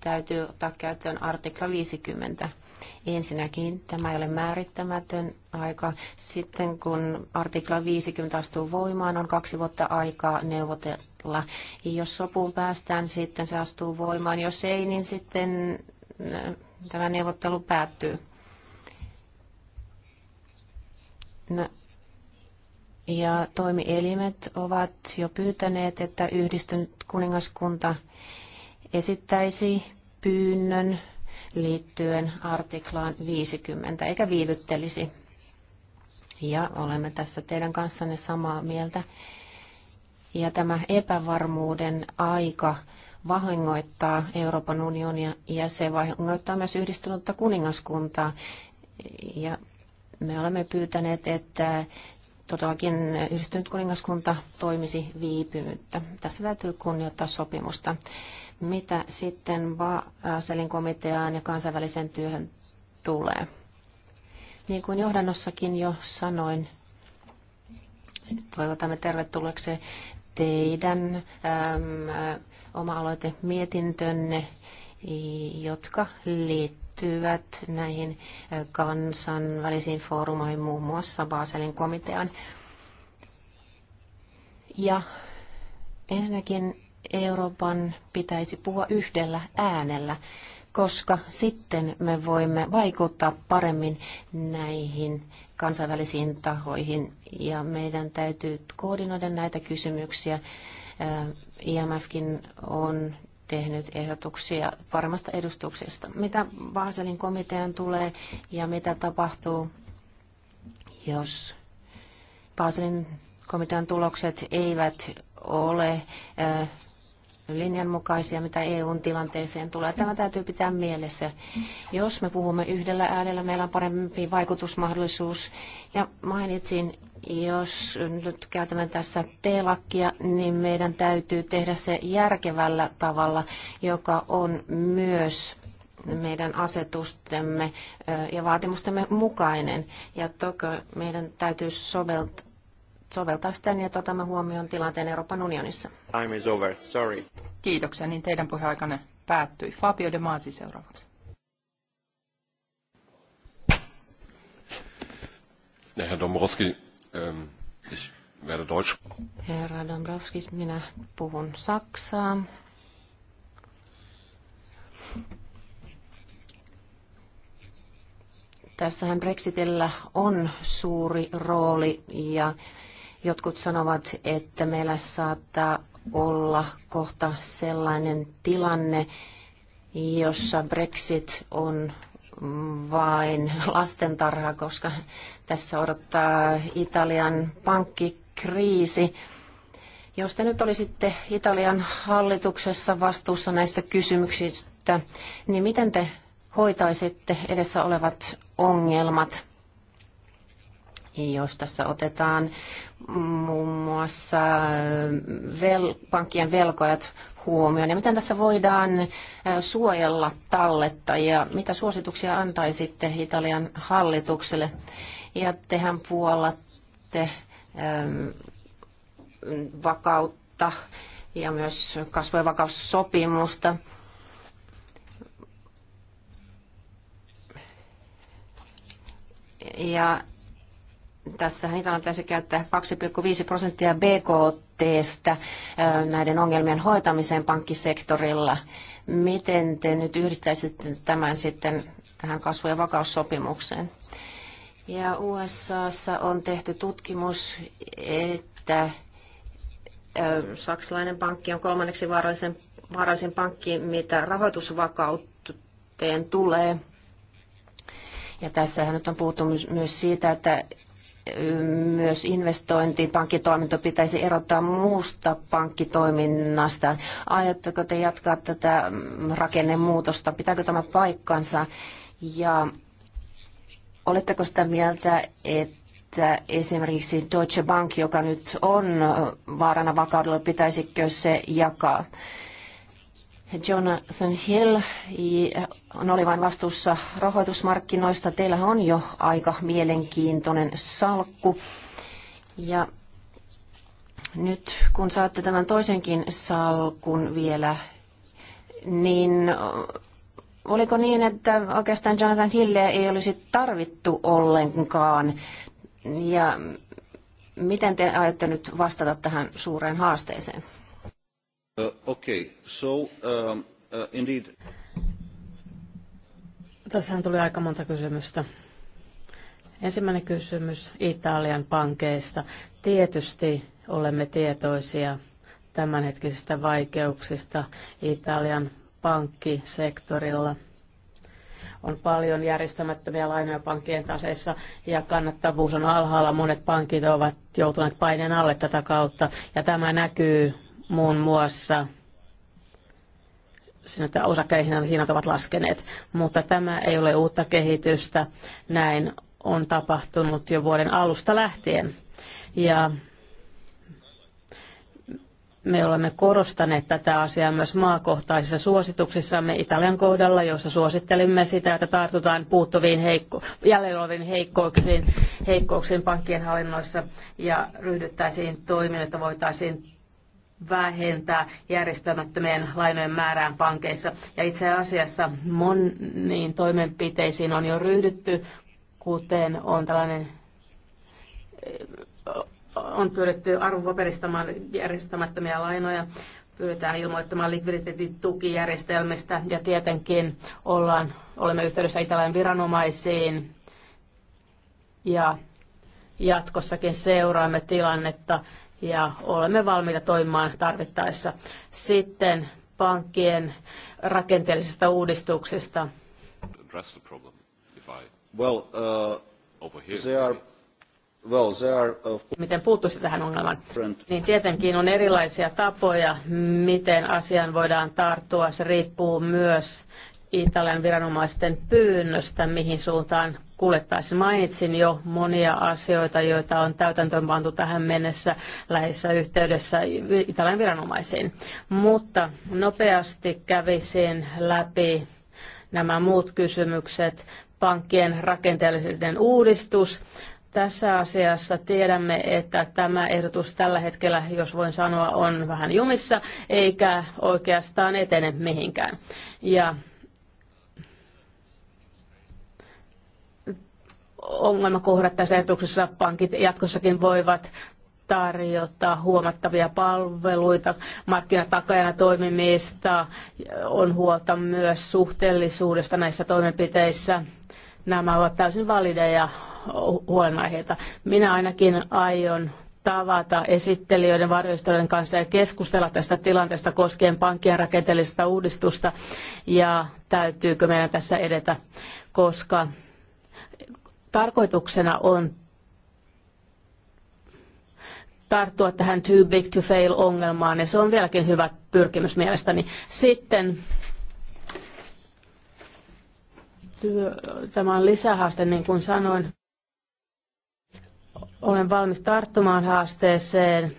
täytyy ottaa käyttöön artikla 50. Ensinnäkin tämä ei ole määrittämätön aika. Sitten kun artikla 50 astuu voimaan, on kaksi vuotta aikaa neuvotella. Jos sopuun päästään, sitten se astuu voimaan. Jos ei, niin sitten äh, tämä neuvottelu päättyy. No, ja toimielimet ovat jo pyytäneet, että yhdistynyt kuningaskunta esittäisi pyynnön liittyen artiklaan 50, eikä viivyttelisi. Ja olemme tässä teidän kanssanne samaa mieltä. Ja tämä epävarmuuden aika vahingoittaa Euroopan unionia ja se vahingoittaa myös yhdistynyttä kuningaskuntaa. Ja me olemme pyytäneet, että todellakin yhdistynyt kuningaskunta toimisi viipymyttä. Tässä täytyy kunnioittaa sopimusta. Mitä sitten Baselin komiteaan ja kansainväliseen työhön tulee? Niin kuin johdannossakin jo sanoin, toivotamme tervetulleeksi teidän äm, oma-aloite mietintönne, jotka liittyvät liittyvät näihin kansainvälisiin foorumoihin, muun muassa Baselin komitean. Ja ensinnäkin Euroopan pitäisi puhua yhdellä äänellä, koska sitten me voimme vaikuttaa paremmin näihin kansainvälisiin tahoihin ja meidän täytyy koordinoida näitä kysymyksiä. IMFkin on tehnyt ehdotuksia paremmasta edustuksesta. Mitä Baselin komitean tulee ja mitä tapahtuu, jos Baselin komitean tulokset eivät ole äh, linjan mukaisia, mitä EUn tilanteeseen tulee. Tämä täytyy pitää mielessä. Jos me puhumme yhdellä äänellä, meillä on parempi vaikutusmahdollisuus. Ja mainitsin jos nyt käytämme tässä T-lakkia, niin meidän täytyy tehdä se järkevällä tavalla, joka on myös meidän asetustemme ja vaatimustemme mukainen. Ja toki meidän täytyy soveltaa soveltaa sitä niin, että otamme huomioon tilanteen Euroopan unionissa. Time is over. Sorry. Kiitoksia, niin teidän puheaikanne päättyi. Fabio De Masi seuraavaksi. Herr Domorowski, Ähm, ich werde Deutsch. Herra Dombrovskis, minä puhun saksaa. Tässähän Brexitillä on suuri rooli ja jotkut sanovat, että meillä saattaa olla kohta sellainen tilanne, jossa Brexit on vain lastentarha, koska tässä odottaa Italian pankkikriisi. Jos te nyt olisitte Italian hallituksessa vastuussa näistä kysymyksistä, niin miten te hoitaisitte edessä olevat ongelmat? Jos tässä otetaan muun muassa vel, pankkien velkojat huomioon ja miten tässä voidaan suojella ja Mitä suosituksia antaisitte Italian hallitukselle? Ja tehän puolatte ähm, vakautta ja myös kasvu- ja vakaussopimusta. Ja tässä Italian pitäisi käyttää 2,5 prosenttia BKT teestä näiden ongelmien hoitamiseen pankkisektorilla. Miten te nyt yhdistäisitte tämän sitten tähän kasvu- ja vakaussopimukseen? Ja USAssa on tehty tutkimus, että saksalainen pankki on kolmanneksi vaarallisen, vaarallisin pankki, mitä rahoitusvakautteen tulee. Ja tässähän nyt on puhuttu myös siitä, että myös investointipankkitoiminta pitäisi erottaa muusta pankkitoiminnasta. Aiotteko te jatkaa tätä rakennemuutosta? Pitääkö tämä paikkansa? Ja oletteko sitä mieltä, että esimerkiksi Deutsche Bank, joka nyt on vaarana vakaudelle, pitäisikö se jakaa? Jonathan Hill on oli vain vastuussa rahoitusmarkkinoista. Teillä on jo aika mielenkiintoinen salkku. Ja nyt kun saatte tämän toisenkin salkun vielä, niin oliko niin, että oikeastaan Jonathan Hilleä ei olisi tarvittu ollenkaan? Ja miten te aiotte nyt vastata tähän suureen haasteeseen? Uh, okay. so, um, uh, indeed. Tässähän tuli aika monta kysymystä. Ensimmäinen kysymys Italian pankeista. Tietysti olemme tietoisia tämänhetkisistä vaikeuksista Italian pankkisektorilla. On paljon järjestämättömiä lainoja pankkien taseissa ja kannattavuus on alhaalla. Monet pankit ovat joutuneet paineen alle tätä kautta ja tämä näkyy muun muassa siinä, että osakkeiden hinnat ovat laskeneet. Mutta tämä ei ole uutta kehitystä. Näin on tapahtunut jo vuoden alusta lähtien. Ja me olemme korostaneet tätä asiaa myös maakohtaisissa suosituksissamme Italian kohdalla, jossa suosittelimme sitä, että tartutaan puuttuviin heikko, jäljellä oleviin heikkouksiin, heikkouksiin pankkien hallinnoissa ja ryhdyttäisiin toimiin, että voitaisiin vähentää järjestämättömien lainojen määrää pankeissa. Ja itse asiassa moniin toimenpiteisiin on jo ryhdytty, kuten on tällainen eh, on pyritty arvopaperistamaan järjestämättömiä lainoja, pyydetään ilmoittamaan likviditeettitukijärjestelmistä ja tietenkin ollaan, olemme yhteydessä Italian viranomaisiin ja jatkossakin seuraamme tilannetta ja olemme valmiita toimimaan tarvittaessa. Sitten pankkien rakenteellisesta uudistuksista. Uh, miten puuttuisi tähän ongelmaan? Niin tietenkin on erilaisia tapoja, miten asiaan voidaan tarttua. Se riippuu myös Italian viranomaisten pyynnöstä, mihin suuntaan kuljettaessa. Mainitsin jo monia asioita, joita on täytäntöönpantu tähän mennessä läheisessä yhteydessä Italian viranomaisiin. Mutta nopeasti kävisin läpi nämä muut kysymykset. Pankkien rakenteellinen uudistus, tässä asiassa tiedämme, että tämä ehdotus tällä hetkellä, jos voin sanoa, on vähän jumissa, eikä oikeastaan etene mihinkään. Ja ongelmakohdat tässä etuksessa pankit jatkossakin voivat tarjota huomattavia palveluita, markkinatakajana toimimista, on huolta myös suhteellisuudesta näissä toimenpiteissä. Nämä ovat täysin valideja huolenaiheita. Minä ainakin aion tavata esittelijöiden varjoistoiden kanssa ja keskustella tästä tilanteesta koskien pankkien rakenteellista uudistusta ja täytyykö meidän tässä edetä, koska Tarkoituksena on tarttua tähän too big to fail ongelmaan ja se on vieläkin hyvä pyrkimys mielestäni. Sitten tämä on lisähaaste, niin kuin sanoin. Olen valmis tarttumaan haasteeseen.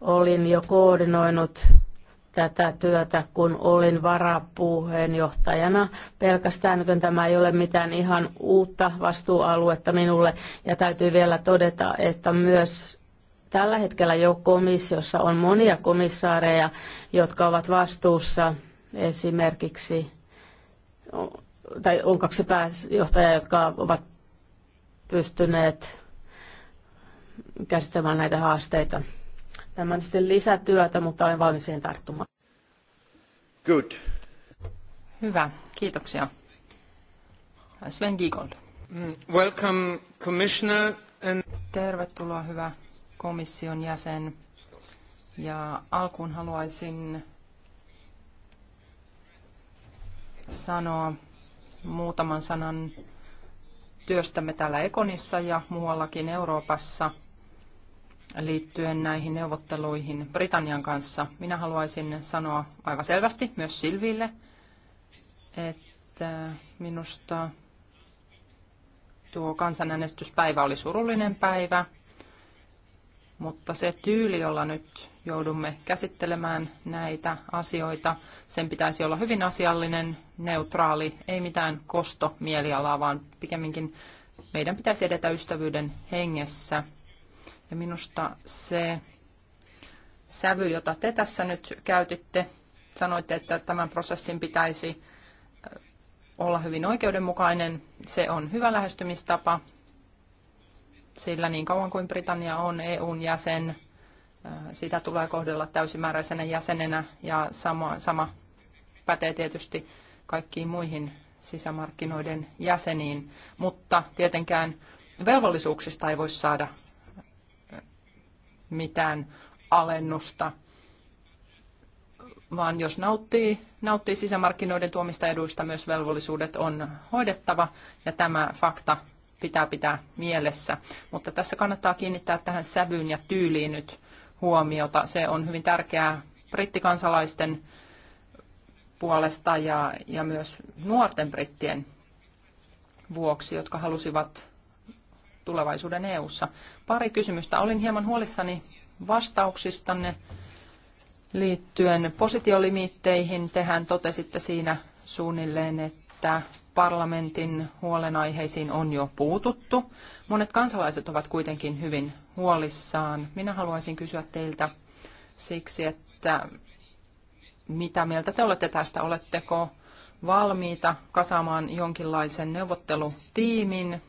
Olin jo koordinoinut tätä työtä, kun olin varapuheenjohtajana pelkästään, joten tämä ei ole mitään ihan uutta vastuualuetta minulle. Ja täytyy vielä todeta, että myös tällä hetkellä jo komissiossa on monia komissaareja, jotka ovat vastuussa esimerkiksi, tai on kaksi pääjohtajaa, jotka ovat pystyneet käsittämään näitä haasteita. Tämä on sitten lisätyötä, mutta olen valmis siihen tarttumaan. Good. Hyvä, kiitoksia. Sven Giegold. Mm, welcome, Commissioner. And... Tervetuloa, hyvä komission jäsen. Ja alkuun haluaisin sanoa muutaman sanan työstämme täällä Ekonissa ja muuallakin Euroopassa – liittyen näihin neuvotteluihin Britannian kanssa. Minä haluaisin sanoa aivan selvästi myös Silville, että minusta tuo kansanäänestyspäivä oli surullinen päivä, mutta se tyyli, jolla nyt joudumme käsittelemään näitä asioita, sen pitäisi olla hyvin asiallinen, neutraali, ei mitään kostomielialaa, vaan pikemminkin meidän pitäisi edetä ystävyyden hengessä – ja minusta se sävy, jota te tässä nyt käytitte, sanoitte, että tämän prosessin pitäisi olla hyvin oikeudenmukainen. Se on hyvä lähestymistapa, sillä niin kauan kuin Britannia on EUn jäsen, sitä tulee kohdella täysimääräisenä jäsenenä ja sama, sama pätee tietysti kaikkiin muihin sisämarkkinoiden jäseniin, mutta tietenkään velvollisuuksista ei voi saada mitään alennusta, vaan jos nauttii, nauttii sisämarkkinoiden tuomista eduista, myös velvollisuudet on hoidettava ja tämä fakta pitää pitää mielessä. Mutta tässä kannattaa kiinnittää tähän sävyyn ja tyyliin nyt huomiota. Se on hyvin tärkeää brittikansalaisten puolesta ja, ja myös nuorten brittien vuoksi, jotka halusivat tulevaisuuden EU-ssa. Pari kysymystä. Olin hieman huolissani vastauksistanne liittyen positiolimiitteihin. Tehän totesitte siinä suunnilleen, että parlamentin huolenaiheisiin on jo puututtu. Monet kansalaiset ovat kuitenkin hyvin huolissaan. Minä haluaisin kysyä teiltä siksi, että mitä mieltä te olette tästä? Oletteko valmiita kasaamaan jonkinlaisen neuvottelutiimin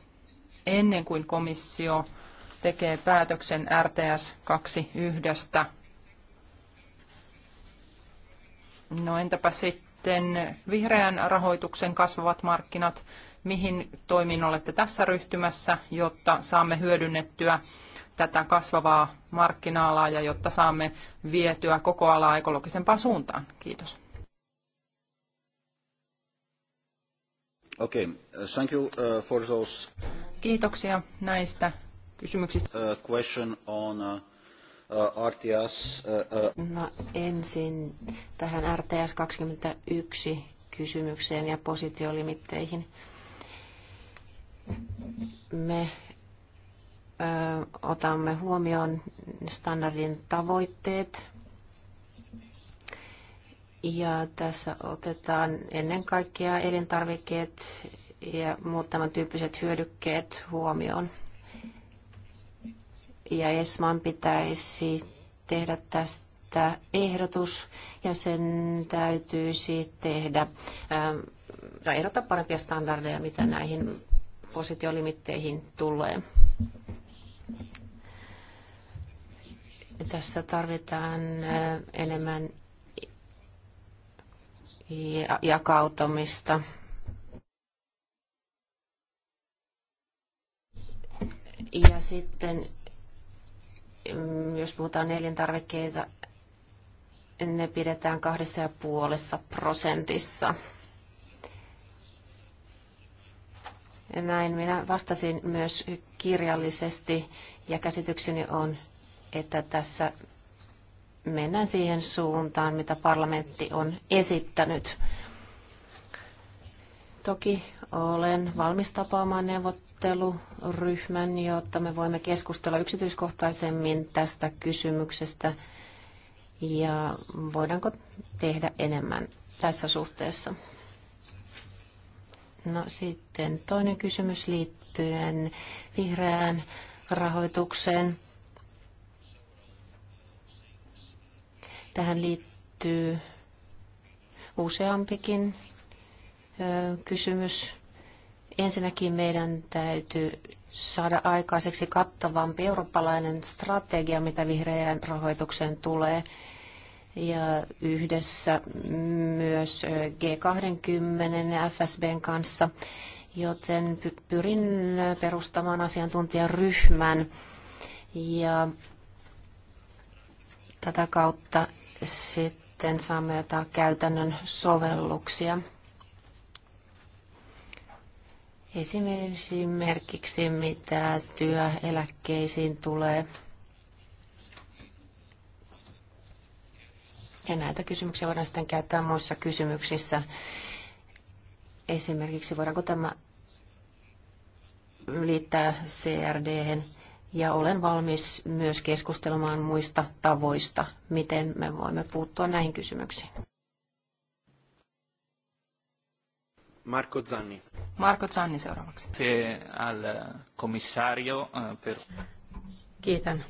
ennen kuin komissio tekee päätöksen RTS yhdestä. No entäpä sitten vihreän rahoituksen kasvavat markkinat? Mihin toimiin olette tässä ryhtymässä, jotta saamme hyödynnettyä tätä kasvavaa markkina-alaa ja jotta saamme vietyä koko alaa ekologisempaan suuntaan? Kiitos. Okay. Uh, thank you uh, for those. Kiitoksia näistä kysymyksistä. Uh, question on uh, uh RTS. Uh, no ensin tähän RTS 21 kysymykseen ja positiolimitteihin. Me ö, otamme huomioon standardin tavoitteet ja tässä otetaan ennen kaikkea elintarvikkeet ja muut tämän tyyppiset hyödykkeet huomioon. Ja ESMAN pitäisi tehdä tästä ehdotus ja sen täytyisi tehdä, ähm, tai ehdottaa parempia standardeja, mitä näihin positiolimitteihin tulee. Tässä tarvitaan äh, enemmän ja jakautumista. Ja sitten, mm, jos puhutaan elintarvikkeita, ne pidetään kahdessa ja puolessa prosentissa. Ja näin minä vastasin myös kirjallisesti ja käsitykseni on, että tässä mennään siihen suuntaan, mitä parlamentti on esittänyt. Toki olen valmis tapaamaan neuvotteluryhmän, jotta me voimme keskustella yksityiskohtaisemmin tästä kysymyksestä ja voidaanko tehdä enemmän tässä suhteessa. No sitten toinen kysymys liittyen vihreään rahoitukseen. Tähän liittyy useampikin kysymys. Ensinnäkin meidän täytyy saada aikaiseksi kattavampi eurooppalainen strategia, mitä vihreään rahoitukseen tulee. Ja yhdessä myös G20 ja FSBn kanssa, joten pyrin perustamaan asiantuntijaryhmän ja tätä kautta sitten saamme jotain käytännön sovelluksia. Esimerkiksi mitä työeläkkeisiin tulee. Ja näitä kysymyksiä voidaan sitten käyttää muissa kysymyksissä. Esimerkiksi voidaanko tämä liittää CRD. -hen? ja olen valmis myös keskustelemaan muista tavoista, miten me voimme puuttua näihin kysymyksiin. Marco Zanni. Marco Zanni seuraavaksi. Se al komissario eh, per... Kiitän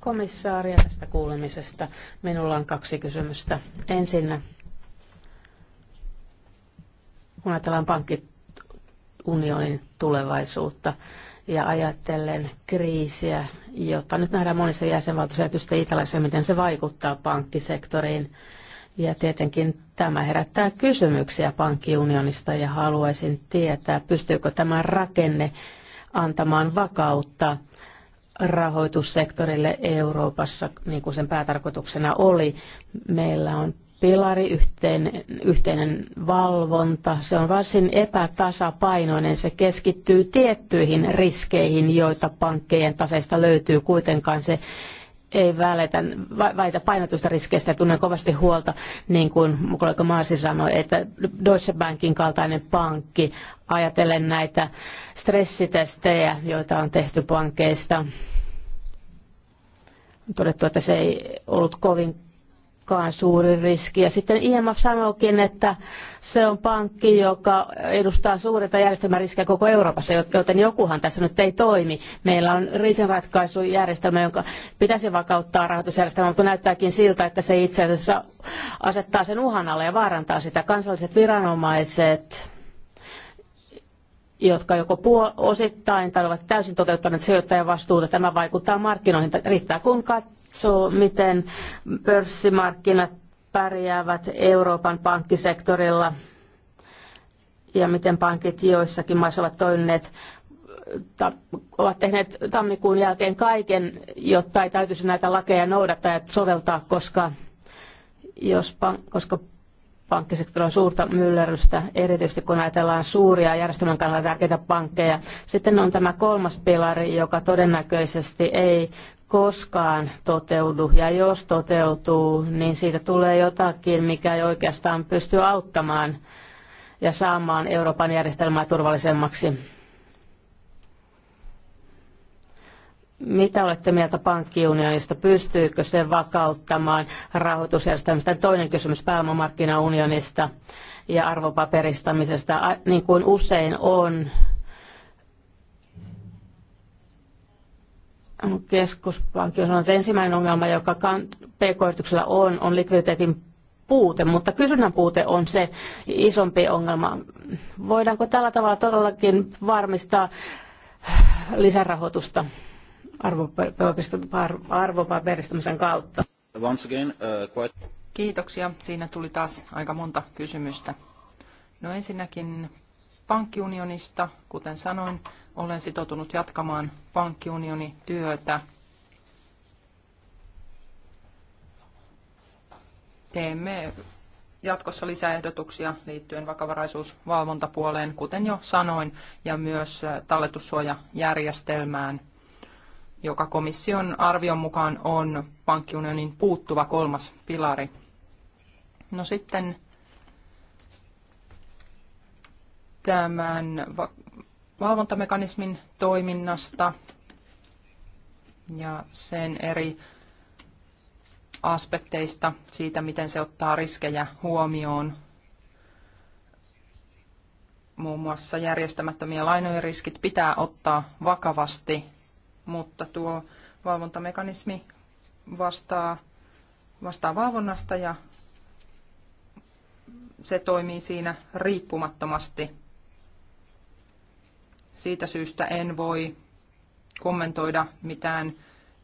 komissaaria tästä kuulemisesta. Minulla on kaksi kysymystä. Ensin, kun ajatellaan pankkiunionin tulevaisuutta, ja ajattelen kriisiä, jota nyt nähdään monissa jäsenvaltioissa, erityisesti Italiassa, miten se vaikuttaa pankkisektoriin. Ja tietenkin tämä herättää kysymyksiä pankkiunionista ja haluaisin tietää, pystyykö tämä rakenne antamaan vakautta rahoitussektorille Euroopassa, niin kuin sen päätarkoituksena oli. Meillä on pilari, yhteinen, yhteinen valvonta. Se on varsin epätasapainoinen. Se keskittyy tiettyihin riskeihin, joita pankkien taseista löytyy. Kuitenkaan se ei välitä, välitä painotusta riskeistä ja tunnen kovasti huolta, niin kuin kollega Maasi sanoi, että Deutsche Bankin kaltainen pankki, ajatellen näitä stressitestejä, joita on tehty pankeista, on todettu, että se ei ollut kovin olekaan suuri riski. Ja sitten IMF sanookin, että se on pankki, joka edustaa suurinta järjestelmäriskiä koko Euroopassa, joten jokuhan tässä nyt ei toimi. Meillä on riisinratkaisujärjestelmä, jonka pitäisi vakauttaa rahoitusjärjestelmä, mutta näyttääkin siltä, että se itse asiassa asettaa sen uhan alle ja vaarantaa sitä. Kansalliset viranomaiset jotka joko puo osittain tai ovat täysin toteuttaneet sijoittajan vastuuta. Tämä vaikuttaa markkinoihin. Riittää kun katsoo, miten pörssimarkkinat pärjäävät Euroopan pankkisektorilla ja miten pankit joissakin maissa ovat toimineet ta, ovat tehneet tammikuun jälkeen kaiken, jotta ei täytyisi näitä lakeja noudattaa ja soveltaa, koska, jos pank, koska pankkisektori on suurta myllerrystä, erityisesti kun ajatellaan suuria järjestelmän kannalta tärkeitä pankkeja. Sitten on tämä kolmas pilari, joka todennäköisesti ei koskaan toteudu, ja jos toteutuu, niin siitä tulee jotakin, mikä ei oikeastaan pysty auttamaan ja saamaan Euroopan järjestelmää turvallisemmaksi. Mitä olette mieltä pankkiunionista? Pystyykö se vakauttamaan rahoitusjärjestelmästä? Toinen kysymys pääomamarkkinaunionista ja arvopaperistamisesta. Niin kuin usein on, keskuspankki on sanonut, että ensimmäinen ongelma, joka pk-yrityksellä on, on likviditeetin puute, mutta kysynnän puute on se isompi ongelma. Voidaanko tällä tavalla todellakin varmistaa lisärahoitusta arvopaperistamisen kautta? Once again, uh, quite... Kiitoksia. Siinä tuli taas aika monta kysymystä. No ensinnäkin pankkiunionista. Kuten sanoin, olen sitoutunut jatkamaan pankkiunionityötä. Teemme jatkossa lisäehdotuksia liittyen vakavaraisuusvalvontapuoleen, kuten jo sanoin, ja myös talletussuojajärjestelmään, joka komission arvion mukaan on pankkiunionin puuttuva kolmas pilari. No sitten tämän valvontamekanismin toiminnasta ja sen eri aspekteista, siitä miten se ottaa riskejä huomioon, muun muassa järjestämättömien lainojen riskit pitää ottaa vakavasti, mutta tuo valvontamekanismi vastaa, vastaa valvonnasta ja se toimii siinä riippumattomasti siitä syystä en voi kommentoida mitään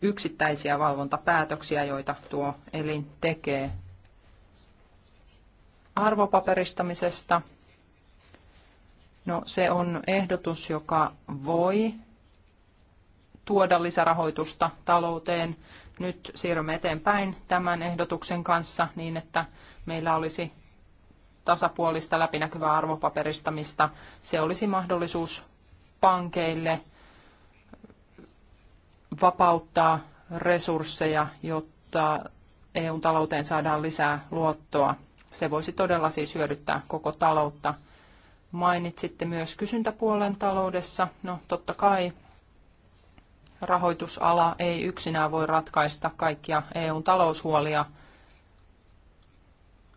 yksittäisiä valvontapäätöksiä, joita tuo elin tekee. Arvopaperistamisesta. No, se on ehdotus, joka voi tuoda lisärahoitusta talouteen. Nyt siirrymme eteenpäin tämän ehdotuksen kanssa niin, että meillä olisi tasapuolista läpinäkyvää arvopaperistamista. Se olisi mahdollisuus pankeille vapauttaa resursseja, jotta EUn talouteen saadaan lisää luottoa. Se voisi todella siis hyödyttää koko taloutta. Mainitsitte myös kysyntäpuolen taloudessa. No totta kai rahoitusala ei yksinään voi ratkaista kaikkia EUn taloushuolia.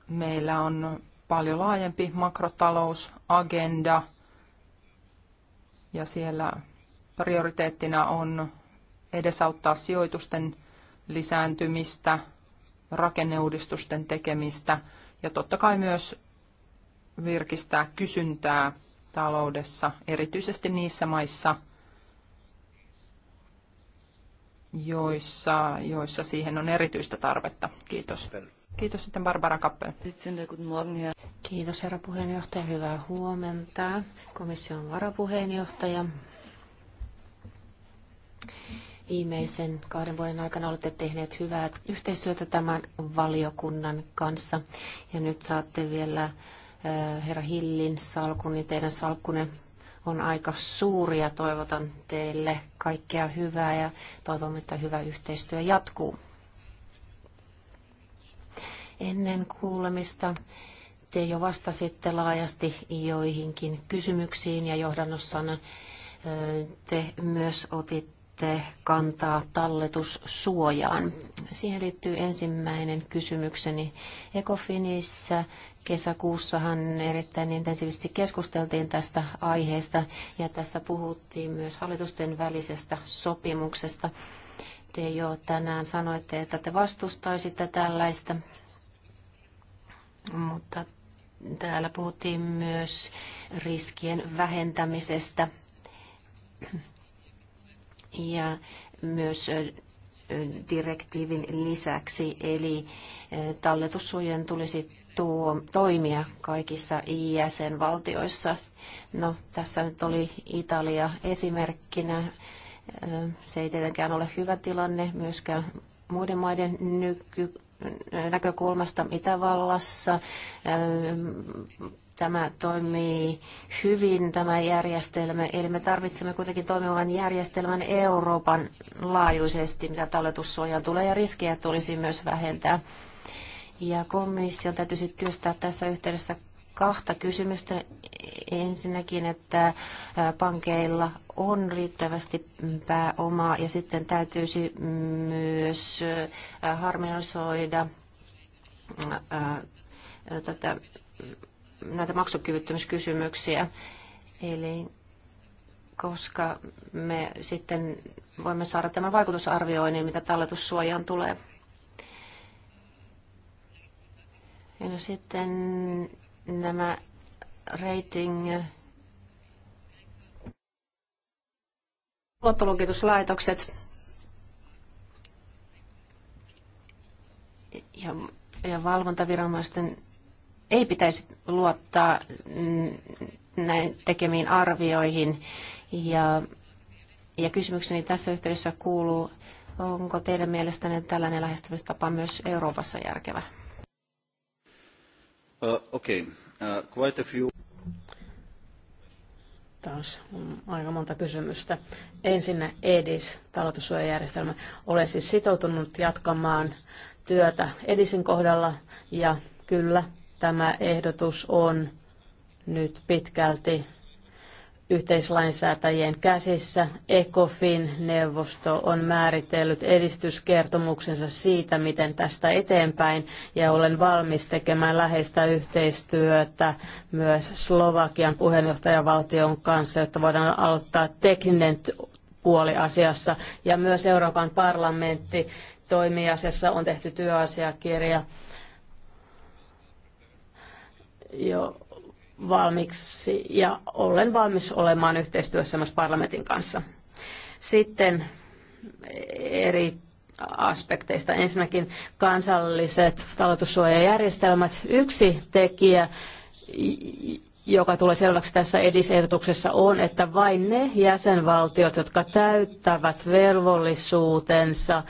Meillä on paljon laajempi makrotalousagenda – ja siellä prioriteettina on edesauttaa sijoitusten lisääntymistä, rakenneuudistusten tekemistä ja totta kai myös virkistää kysyntää taloudessa, erityisesti niissä maissa, joissa, joissa siihen on erityistä tarvetta. Kiitos. Kiitos sitten Barbara Kappel. Kiitos herra puheenjohtaja, hyvää huomenta. Komission varapuheenjohtaja. Viimeisen kahden vuoden aikana olette tehneet hyvää yhteistyötä tämän valiokunnan kanssa. Ja nyt saatte vielä eh, herra Hillin salkun, niin teidän salkkunne on aika suuri ja toivotan teille kaikkea hyvää ja toivomme, että hyvä yhteistyö jatkuu. Ennen kuulemista te jo vastasitte laajasti joihinkin kysymyksiin ja johdannossanne te myös otitte kantaa talletussuojaan. Siihen liittyy ensimmäinen kysymykseni. Ecofinissä kesäkuussahan erittäin intensiivisesti keskusteltiin tästä aiheesta ja tässä puhuttiin myös hallitusten välisestä sopimuksesta. Te jo tänään sanoitte, että te vastustaisitte tällaista mutta täällä puhuttiin myös riskien vähentämisestä ja myös direktiivin lisäksi, eli talletussuojan tulisi tuo, toimia kaikissa jäsenvaltioissa. No, tässä nyt oli Italia esimerkkinä. Se ei tietenkään ole hyvä tilanne myöskään muiden maiden nyky, näkökulmasta Itävallassa. Tämä toimii hyvin, tämä järjestelmä, eli me tarvitsemme kuitenkin toimivan järjestelmän Euroopan laajuisesti, mitä talletussuojaan tulee, ja riskejä tulisi myös vähentää. Ja komission täytyisi työstää tässä yhteydessä kahta kysymystä. Ensinnäkin, että pankeilla on riittävästi pääomaa ja sitten täytyisi myös harmonisoida tätä, näitä maksukyvyttömyyskysymyksiä. Eli koska me sitten voimme saada tämän vaikutusarvioinnin, mitä talletussuojaan tulee. Ja no sitten nämä rating luottoluokituslaitokset ja, ja valvontaviranomaisten ei pitäisi luottaa näin tekemiin arvioihin. Ja, ja kysymykseni tässä yhteydessä kuuluu, onko teidän mielestänne tällainen lähestymistapa myös Euroopassa järkevä? Uh, okay. uh, quite a few. Taas on aika monta kysymystä. Ensinnä EDIS, talotussuojajärjestelmä. Olen siis sitoutunut jatkamaan työtä EDISin kohdalla ja kyllä tämä ehdotus on nyt pitkälti yhteislainsäätäjien käsissä. ECOFIN-neuvosto on määritellyt edistyskertomuksensa siitä, miten tästä eteenpäin, ja olen valmis tekemään läheistä yhteistyötä myös Slovakian puheenjohtajavaltion kanssa, jotta voidaan aloittaa tekninen puoli asiassa. Ja myös Euroopan parlamentti toimiasiassa on tehty työasiakirja jo valmiiksi ja olen valmis olemaan yhteistyössä myös parlamentin kanssa. Sitten eri aspekteista. Ensinnäkin kansalliset talotussuojajärjestelmät. Yksi tekijä, joka tulee selväksi tässä edisehdotuksessa, on, että vain ne jäsenvaltiot, jotka täyttävät velvollisuutensa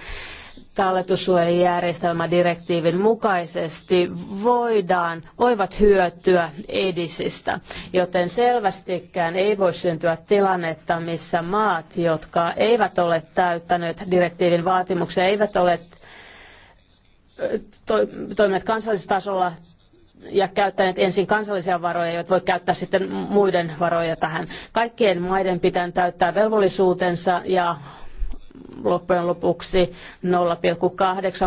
talletussuojajärjestelmädirektiivin mukaisesti voidaan, voivat hyötyä edisistä, joten selvästikään ei voi syntyä tilannetta, missä maat, jotka eivät ole täyttäneet direktiivin vaatimuksia, eivät ole toimineet kansallistasolla ja käyttäneet ensin kansallisia varoja, joita voi käyttää sitten muiden varoja tähän. Kaikkien maiden pitää täyttää velvollisuutensa ja loppujen lopuksi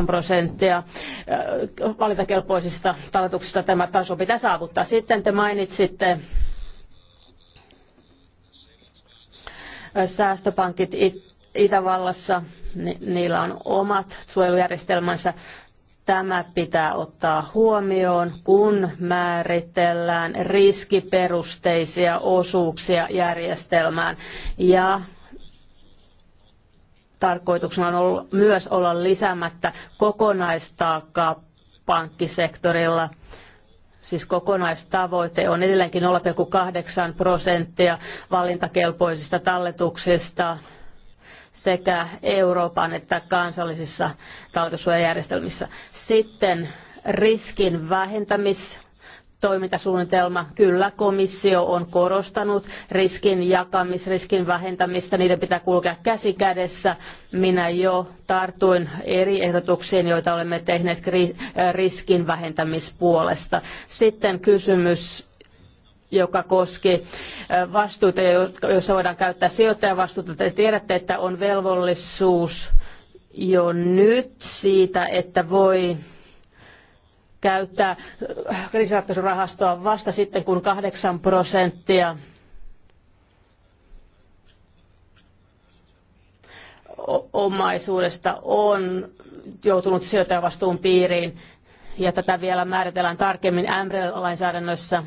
0,8 prosenttia äh, valintakelpoisista talletuksista tämä taso pitää saavuttaa. Sitten te mainitsitte äh, säästöpankit Itävallassa, niillä on omat suojelujärjestelmänsä. Tämä pitää ottaa huomioon, kun määritellään riskiperusteisia osuuksia järjestelmään ja Tarkoituksena on ollut, myös olla lisäämättä kokonaistaakkaa pankkisektorilla. Siis kokonaistavoite on edelleenkin 0,8 prosenttia valintakelpoisista talletuksista sekä Euroopan että kansallisissa talletussuojajärjestelmissä. Sitten riskin vähentämis toimintasuunnitelma. Kyllä komissio on korostanut riskin jakamista, riskin vähentämistä, niiden pitää kulkea käsi kädessä. Minä jo tartuin eri ehdotuksiin, joita olemme tehneet äh, riskin vähentämispuolesta. Sitten kysymys joka koski äh, vastuuta, jossa voidaan käyttää sijoittajavastuuta. Te tiedätte, että on velvollisuus jo nyt siitä, että voi käyttää kriisiratkaisurahastoa vasta sitten, kun 8 prosenttia omaisuudesta on joutunut sijoittajavastuun piiriin, ja tätä vielä määritellään tarkemmin MREL-lainsäädännössä,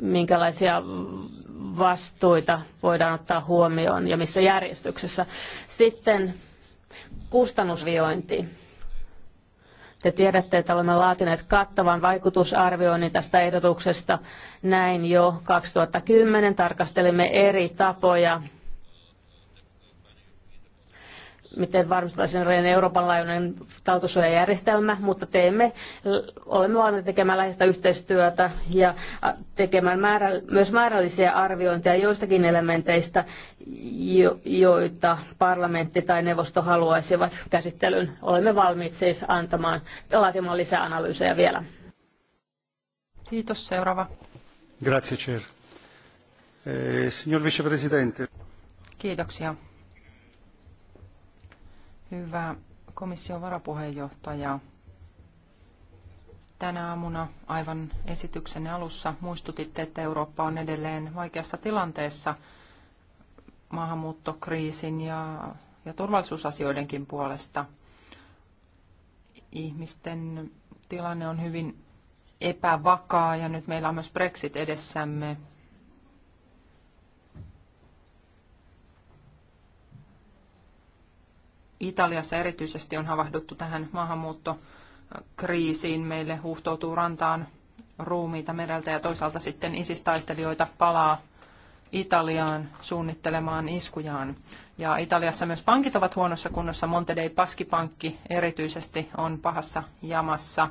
minkälaisia vastuita voidaan ottaa huomioon ja missä järjestyksessä. Sitten kustannusviointi te tiedätte, että olemme laatineet kattavan vaikutusarvioinnin tästä ehdotuksesta. Näin jo 2010 tarkastelimme eri tapoja miten varmistetaan sen Euroopan laajuinen tautosuojajärjestelmä, mutta teemme, olemme valmiita tekemään läheistä yhteistyötä ja tekemään määrä, myös määrällisiä arviointeja joistakin elementeistä, jo, joita parlamentti tai neuvosto haluaisivat käsittelyyn. Olemme valmiit siis antamaan, laatimaan lisää analyysejä vielä. Kiitos. Seuraava. Grazie, Chair. Eh, signor Vicepresidente. Kiitoksia, Hyvä komission varapuheenjohtaja. Tänä aamuna aivan esityksen alussa muistutitte, että Eurooppa on edelleen vaikeassa tilanteessa maahanmuuttokriisin ja, ja turvallisuusasioidenkin puolesta. Ihmisten tilanne on hyvin epävakaa ja nyt meillä on myös Brexit edessämme Italiassa erityisesti on havahduttu tähän maahanmuuttokriisiin. Meille huuhtoutuu rantaan ruumiita mereltä ja toisaalta sitten isistaistelijoita palaa Italiaan suunnittelemaan iskujaan. Ja Italiassa myös pankit ovat huonossa kunnossa. Monte dei Paski-pankki erityisesti on pahassa jamassa.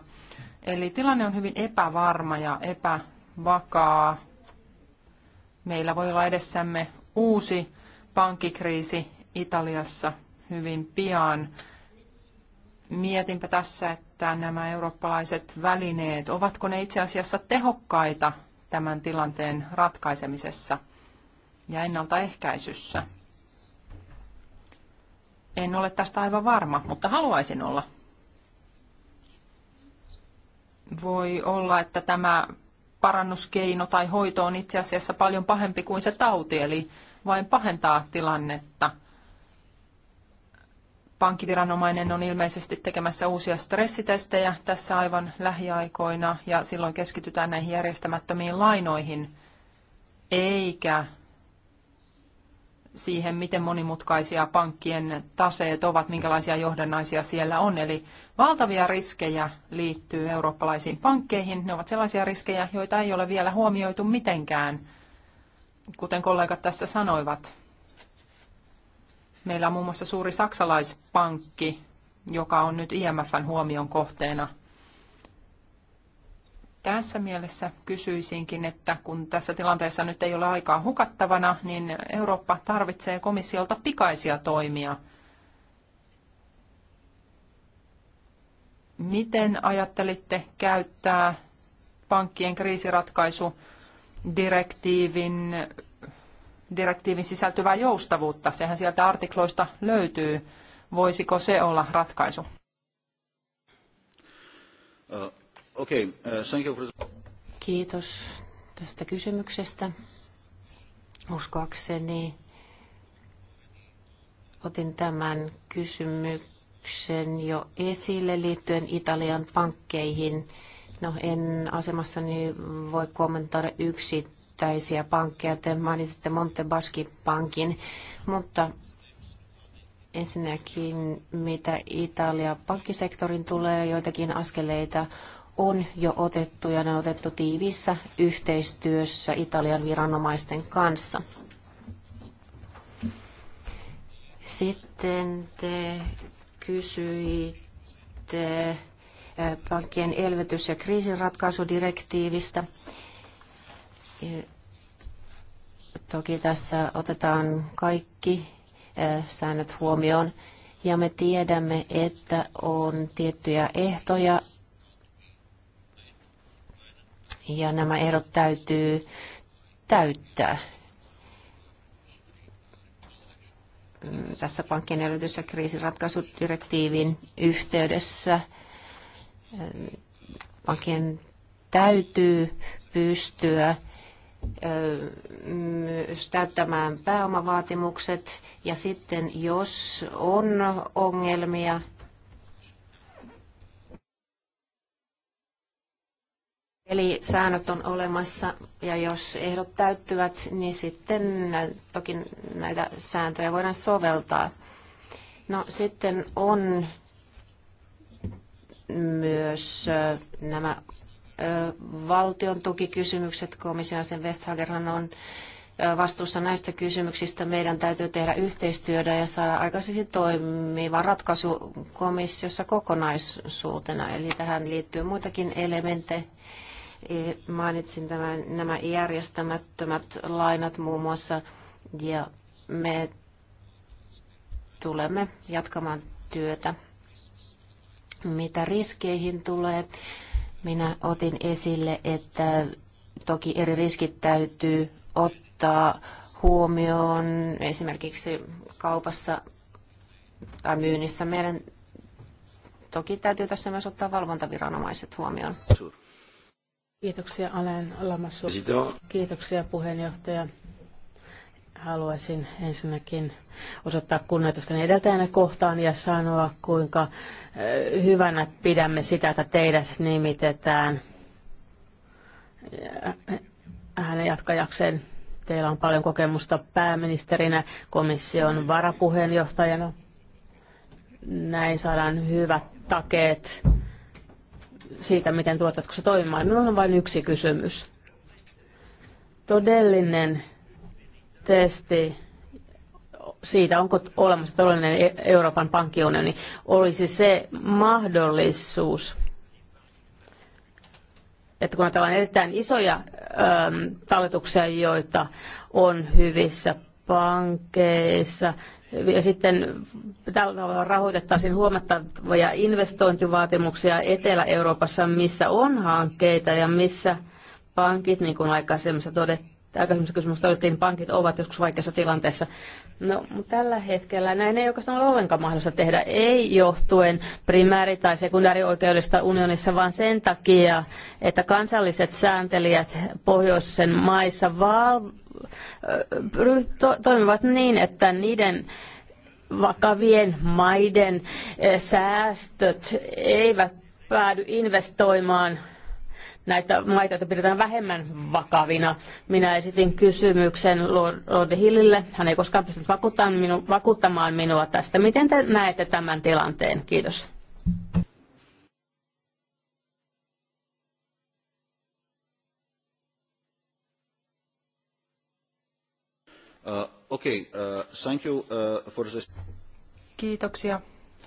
Eli tilanne on hyvin epävarma ja epävakaa. Meillä voi olla edessämme uusi pankkikriisi Italiassa hyvin pian. Mietinpä tässä, että nämä eurooppalaiset välineet, ovatko ne itse asiassa tehokkaita tämän tilanteen ratkaisemisessa ja ennaltaehkäisyssä? En ole tästä aivan varma, mutta haluaisin olla. Voi olla, että tämä parannuskeino tai hoito on itse asiassa paljon pahempi kuin se tauti, eli vain pahentaa tilannetta pankkiviranomainen on ilmeisesti tekemässä uusia stressitestejä tässä aivan lähiaikoina ja silloin keskitytään näihin järjestämättömiin lainoihin eikä siihen, miten monimutkaisia pankkien taseet ovat, minkälaisia johdannaisia siellä on. Eli valtavia riskejä liittyy eurooppalaisiin pankkeihin. Ne ovat sellaisia riskejä, joita ei ole vielä huomioitu mitenkään, kuten kollegat tässä sanoivat. Meillä on muun muassa suuri saksalaispankki, joka on nyt IMFn huomion kohteena. Tässä mielessä kysyisinkin, että kun tässä tilanteessa nyt ei ole aikaa hukattavana, niin Eurooppa tarvitsee komissiolta pikaisia toimia. Miten ajattelitte käyttää pankkien kriisiratkaisudirektiivin direktiivin sisältyvää joustavuutta. Sehän sieltä artikloista löytyy. Voisiko se olla ratkaisu? Uh, okay. uh, Kiitos tästä kysymyksestä. Uskoakseni otin tämän kysymyksen jo esille liittyen Italian pankkeihin. No en asemassani voi kommentoida yksittäisiä yksittäisiä pankkeja. Te mainitsitte Montebaskin pankin, mutta ensinnäkin mitä Italia pankkisektorin tulee, joitakin askeleita on jo otettu ja ne on otettu tiiviissä yhteistyössä Italian viranomaisten kanssa. Sitten te kysyitte eh, pankkien elvytys- ja kriisinratkaisudirektiivistä. E, toki tässä otetaan kaikki e, säännöt huomioon ja me tiedämme, että on tiettyjä ehtoja ja nämä ehdot täytyy täyttää. Mm, tässä pankkien elvytys- ja kriisiratkaisudirektiivin yhteydessä mm, pankkien täytyy pystyä täyttämään pääomavaatimukset ja sitten jos on ongelmia, Eli säännöt on olemassa ja jos ehdot täyttyvät, niin sitten toki näitä sääntöjä voidaan soveltaa. No sitten on myös nämä valtion tukikysymykset. Komission sen Westhagerhan on vastuussa näistä kysymyksistä. Meidän täytyy tehdä yhteistyötä ja saada aikaisesti toimiva ratkaisu komissiossa kokonaisuutena. Eli tähän liittyy muitakin elementtejä. E, mainitsin tämän, nämä järjestämättömät lainat muun muassa ja me tulemme jatkamaan työtä. Mitä riskeihin tulee, minä otin esille, että toki eri riskit täytyy ottaa huomioon esimerkiksi kaupassa tai myynnissä. Meidän toki täytyy tässä myös ottaa valvontaviranomaiset huomioon. Kiitoksia Alain Lamassu. Kiitoksia puheenjohtaja. Haluaisin ensinnäkin osoittaa kunnioitusta edeltäjänne kohtaan ja sanoa, kuinka eh, hyvänä pidämme sitä, että teidät nimitetään hänen jatkajakseen. Teillä on paljon kokemusta pääministerinä, komission varapuheenjohtajana. Näin saadaan hyvät takeet siitä, miten tuotatko jatkossa toimimaan. Minulla on vain yksi kysymys. Todellinen testi siitä, onko olemassa todellinen e- Euroopan pankkiunioni, olisi se mahdollisuus, että kun ajatellaan erittäin isoja äm, talletuksia, joita on hyvissä pankeissa, ja sitten tällä tavalla rahoitettaisiin huomattavia investointivaatimuksia Etelä-Euroopassa, missä on hankkeita ja missä pankit, niin kuin aikaisemmassa todettiin, aikaisemmassa kysymyksessä todettiin, pankit ovat joskus vaikeassa tilanteessa. No, mutta tällä hetkellä näin ei oikeastaan ole ollenkaan mahdollista tehdä, ei johtuen primääri- tai sekundäärioikeudesta unionissa, vaan sen takia, että kansalliset sääntelijät pohjoisen maissa val- to- toimivat niin, että niiden vakavien maiden säästöt eivät päädy investoimaan näitä maita, joita pidetään vähemmän vakavina. Minä esitin kysymyksen Lord Hillille. Hän ei koskaan pystynyt vakuuttamaan, minu, vakuuttamaan minua tästä. Miten te näette tämän tilanteen? Kiitos. Uh, okay, uh, thank you, uh, for this. Kiitoksia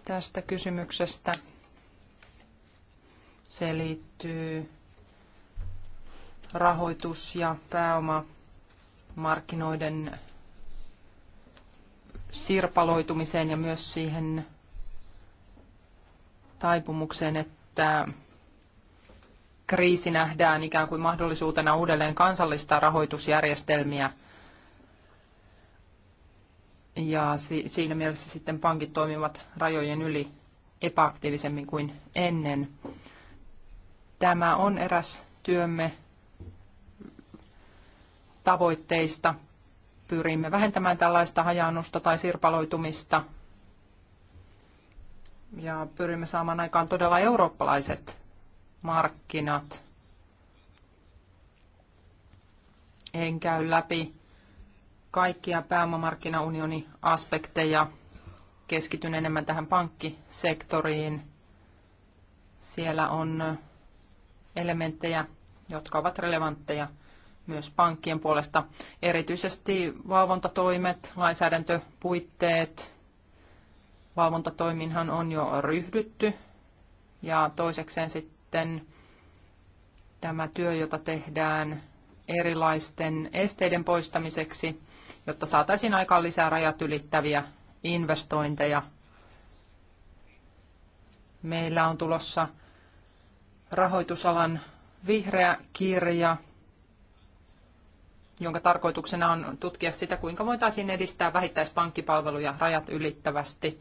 tästä kysymyksestä. Se liittyy rahoitus- ja pääomamarkkinoiden sirpaloitumiseen ja myös siihen taipumukseen, että kriisi nähdään ikään kuin mahdollisuutena uudelleen kansallistaa rahoitusjärjestelmiä. Ja siinä mielessä sitten pankit toimivat rajojen yli epäaktiivisemmin kuin ennen. Tämä on eräs työmme tavoitteista. Pyrimme vähentämään tällaista hajannusta tai sirpaloitumista ja pyrimme saamaan aikaan todella eurooppalaiset markkinat. En käy läpi kaikkia pääomamarkkinaunionin aspekteja. Keskityn enemmän tähän pankkisektoriin. Siellä on elementtejä, jotka ovat relevantteja myös pankkien puolesta. Erityisesti valvontatoimet, lainsäädäntöpuitteet, valvontatoiminhan on jo ryhdytty. Ja toisekseen sitten tämä työ, jota tehdään erilaisten esteiden poistamiseksi, jotta saataisiin aikaan lisää rajat ylittäviä investointeja. Meillä on tulossa rahoitusalan vihreä kirja, jonka tarkoituksena on tutkia sitä, kuinka voitaisiin edistää vähittäispankkipalveluja rajat ylittävästi.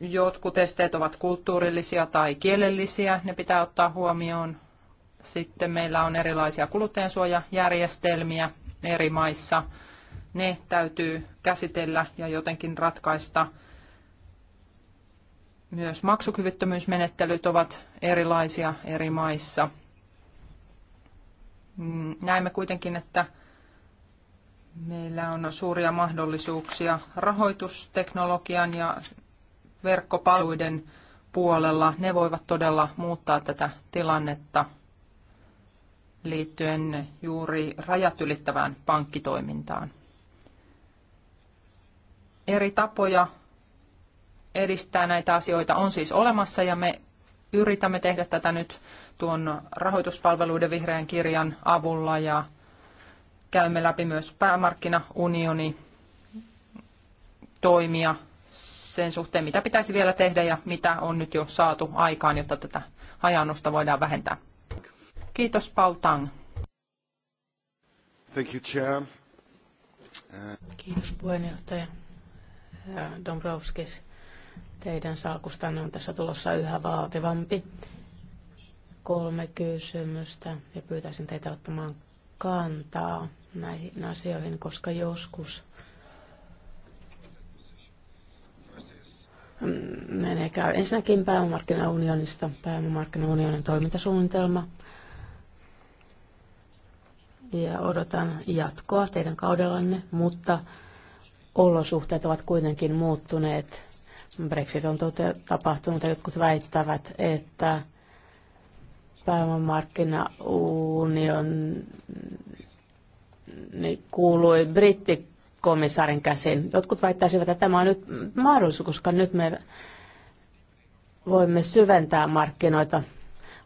Jotkut esteet ovat kulttuurillisia tai kielellisiä, ne pitää ottaa huomioon. Sitten meillä on erilaisia kuluttajansuojajärjestelmiä eri maissa. Ne täytyy käsitellä ja jotenkin ratkaista. Myös maksukyvyttömyysmenettelyt ovat erilaisia eri maissa. Mm, näemme kuitenkin, että meillä on suuria mahdollisuuksia rahoitusteknologian ja verkkopalveluiden puolella. Ne voivat todella muuttaa tätä tilannetta liittyen juuri rajat ylittävään pankkitoimintaan. Eri tapoja edistää näitä asioita on siis olemassa ja me yritämme tehdä tätä nyt tuon rahoituspalveluiden vihreän kirjan avulla ja käymme läpi myös päämarkkinaunioni toimia sen suhteen, mitä pitäisi vielä tehdä ja mitä on nyt jo saatu aikaan, jotta tätä hajannusta voidaan vähentää. Kiitos Paul Tang. Thank you, Chair. Kiitos puheenjohtaja. Dombrovskis, teidän salkustanne on tässä tulossa yhä vaativampi kolme kysymystä ja pyytäisin teitä ottamaan kantaa näihin asioihin, koska joskus mm, menee käy. Ensinnäkin pääomamarkkinaunionista, pääomamarkkinaunionin toimintasuunnitelma. Ja odotan jatkoa teidän kaudellanne, mutta olosuhteet ovat kuitenkin muuttuneet. Brexit on tapahtunut ja jotkut väittävät, että pääomamarkkinaunion niin kuului brittikomissaarin käsin. Jotkut väittäisivät, että tämä on nyt mahdollisuus, koska nyt me voimme syventää markkinoita.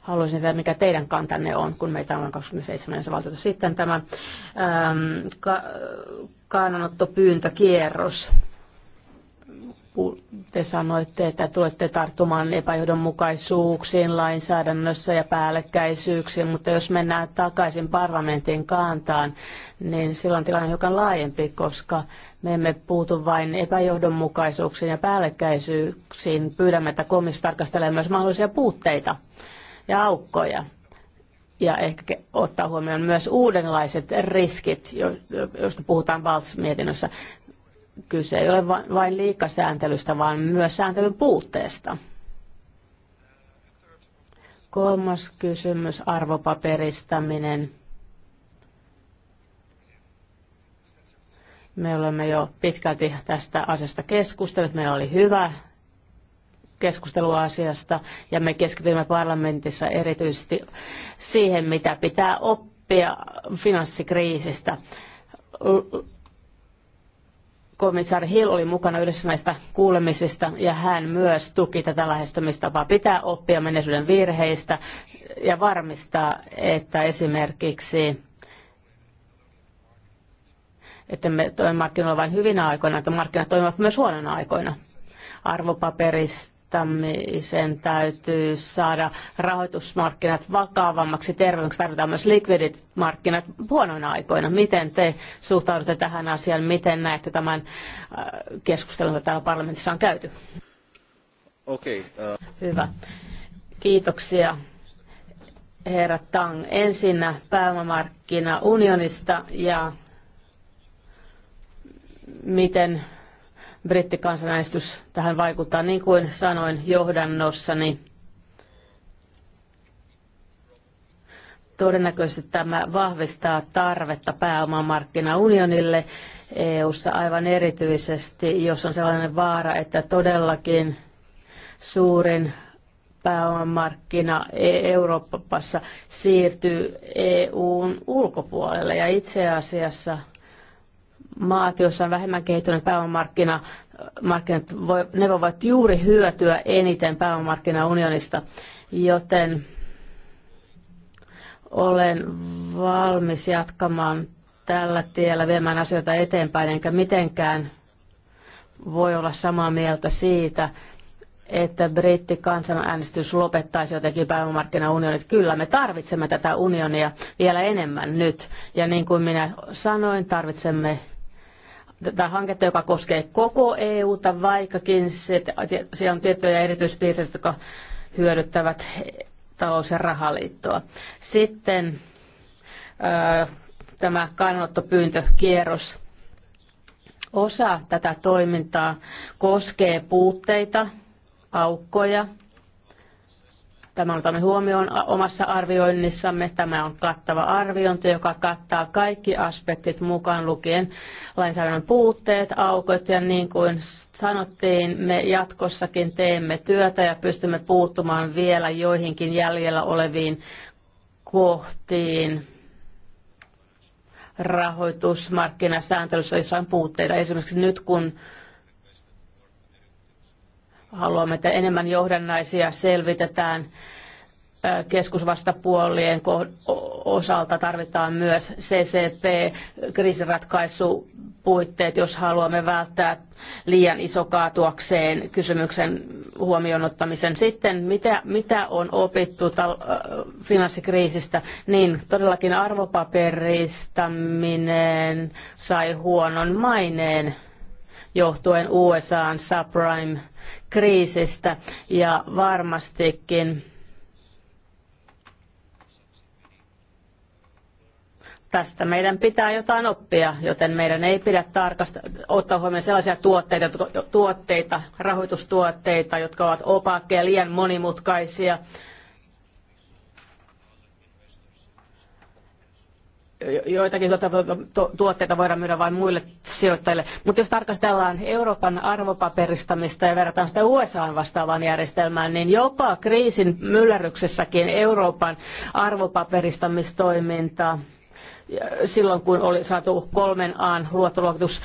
Haluaisin tietää, mikä teidän kantanne on, kun meitä on 27. valtuutettu. Sitten tämä ähm, ka- kannanottopyyntökierros kun te sanoitte, että tulette tarttumaan epäjohdonmukaisuuksiin lainsäädännössä ja päällekkäisyyksiin, mutta jos mennään takaisin parlamentin kantaan, niin silloin tilanne on hiukan laajempi, koska me emme puutu vain epäjohdonmukaisuuksiin ja päällekkäisyyksiin. Pyydämme, että komissio tarkastelee myös mahdollisia puutteita ja aukkoja ja ehkä ottaa huomioon myös uudenlaiset riskit, joista puhutaan Valts-mietinnössä kyse ei ole vain liikasääntelystä, vaan myös sääntelyn puutteesta. Kolmas kysymys, arvopaperistaminen. Me olemme jo pitkälti tästä asiasta keskustelleet. Meillä oli hyvä keskustelu asiasta ja me keskitymme parlamentissa erityisesti siihen, mitä pitää oppia finanssikriisistä komissaari Hill oli mukana yhdessä näistä kuulemisista ja hän myös tuki tätä lähestymistapaa. Pitää oppia menneisyyden virheistä ja varmistaa, että esimerkiksi että me toimimme markkinoilla vain hyvinä aikoina, että markkinat toimivat myös huonoina aikoina. Arvopaperista rahoittamisen täytyy saada rahoitusmarkkinat vakavammaksi, terveemmäksi. Tarvitaan myös likvidit markkinat huonoina aikoina. Miten te suhtaudutte tähän asiaan? Miten näette tämän äh, keskustelun, jota täällä parlamentissa on käyty? Okay, uh... Äh. Hyvä. Kiitoksia herra Tang. Ensinnä pääomamarkkina unionista ja miten brittikansanäänestys tähän vaikuttaa. Niin kuin sanoin johdannossani, todennäköisesti tämä vahvistaa tarvetta pääomamarkkinaunionille EU-ssa aivan erityisesti, jos on sellainen vaara, että todellakin suurin pääomamarkkina e- Euroopassa siirtyy EUn ulkopuolelle. Ja itse asiassa maat, joissa on vähemmän kehittynyt pääomamarkkina, markkinat, voi, ne voivat juuri hyötyä eniten pääomamarkkinaunionista, joten olen valmis jatkamaan tällä tiellä viemään asioita eteenpäin, enkä mitenkään voi olla samaa mieltä siitä, että britti kansanäänestys lopettaisi jotenkin pääomamarkkinaunionit. Kyllä, me tarvitsemme tätä unionia vielä enemmän nyt. Ja niin kuin minä sanoin, tarvitsemme tätä hanketta, joka koskee koko EUta, vaikkakin se, siellä on tiettyjä erityispiirteitä, jotka hyödyttävät talous- ja rahaliittoa. Sitten tämä kannanottopyyntökierros. Osa tätä toimintaa koskee puutteita, aukkoja, Tämä otamme huomioon omassa arvioinnissamme. Tämä on kattava arviointi, joka kattaa kaikki aspektit mukaan lukien lainsäädännön puutteet, aukot ja niin kuin sanottiin, me jatkossakin teemme työtä ja pystymme puuttumaan vielä joihinkin jäljellä oleviin kohtiin rahoitusmarkkinasääntelyssä, jossa on puutteita. Esimerkiksi nyt kun Haluamme, että enemmän johdannaisia selvitetään keskusvastapuolien osalta tarvitaan myös CCP, kriisiratkaisupuitteet, jos haluamme välttää liian iso kaatuakseen kysymyksen huomioon ottamisen. Sitten mitä, mitä on opittu tal- finanssikriisistä, niin todellakin arvopaperistaminen sai huonon maineen johtuen USAn subprime kriisistä ja varmastikin tästä meidän pitää jotain oppia, joten meidän ei pidä tarkasta, ottaa huomioon sellaisia tuotteita, tuotteita, rahoitustuotteita, jotka ovat opakkeja, liian monimutkaisia joitakin tuota, tuotteita voidaan myydä vain muille sijoittajille. Mutta jos tarkastellaan Euroopan arvopaperistamista ja verrataan sitä USAan vastaavaan järjestelmään, niin jopa kriisin myllerryksessäkin Euroopan arvopaperistamistoiminta silloin kun oli saatu kolmen aan luottoluokitus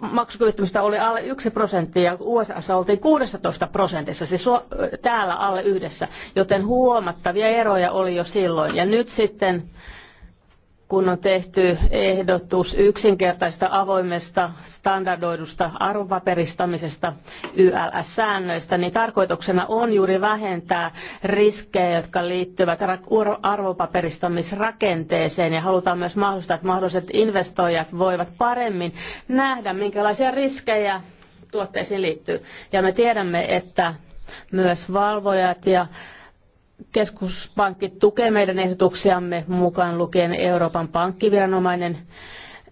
maksukyvyttömyyttä oli alle yksi prosentti ja USAssa oltiin 16 prosentissa, siis täällä alle yhdessä, joten huomattavia eroja oli jo silloin. Ja nyt sitten kun on tehty ehdotus yksinkertaista avoimesta standardoidusta arvopaperistamisesta YLS-säännöistä, niin tarkoituksena on juuri vähentää riskejä, jotka liittyvät arvopaperistamisrakenteeseen ja halutaan myös mahdollistaa, että mahdolliset investoijat voivat paremmin nähdä, minkälaisia riskejä tuotteisiin liittyy. Ja me tiedämme, että myös valvojat ja Keskuspankki tukee meidän ehdotuksiamme mukaan lukien Euroopan pankkiviranomainen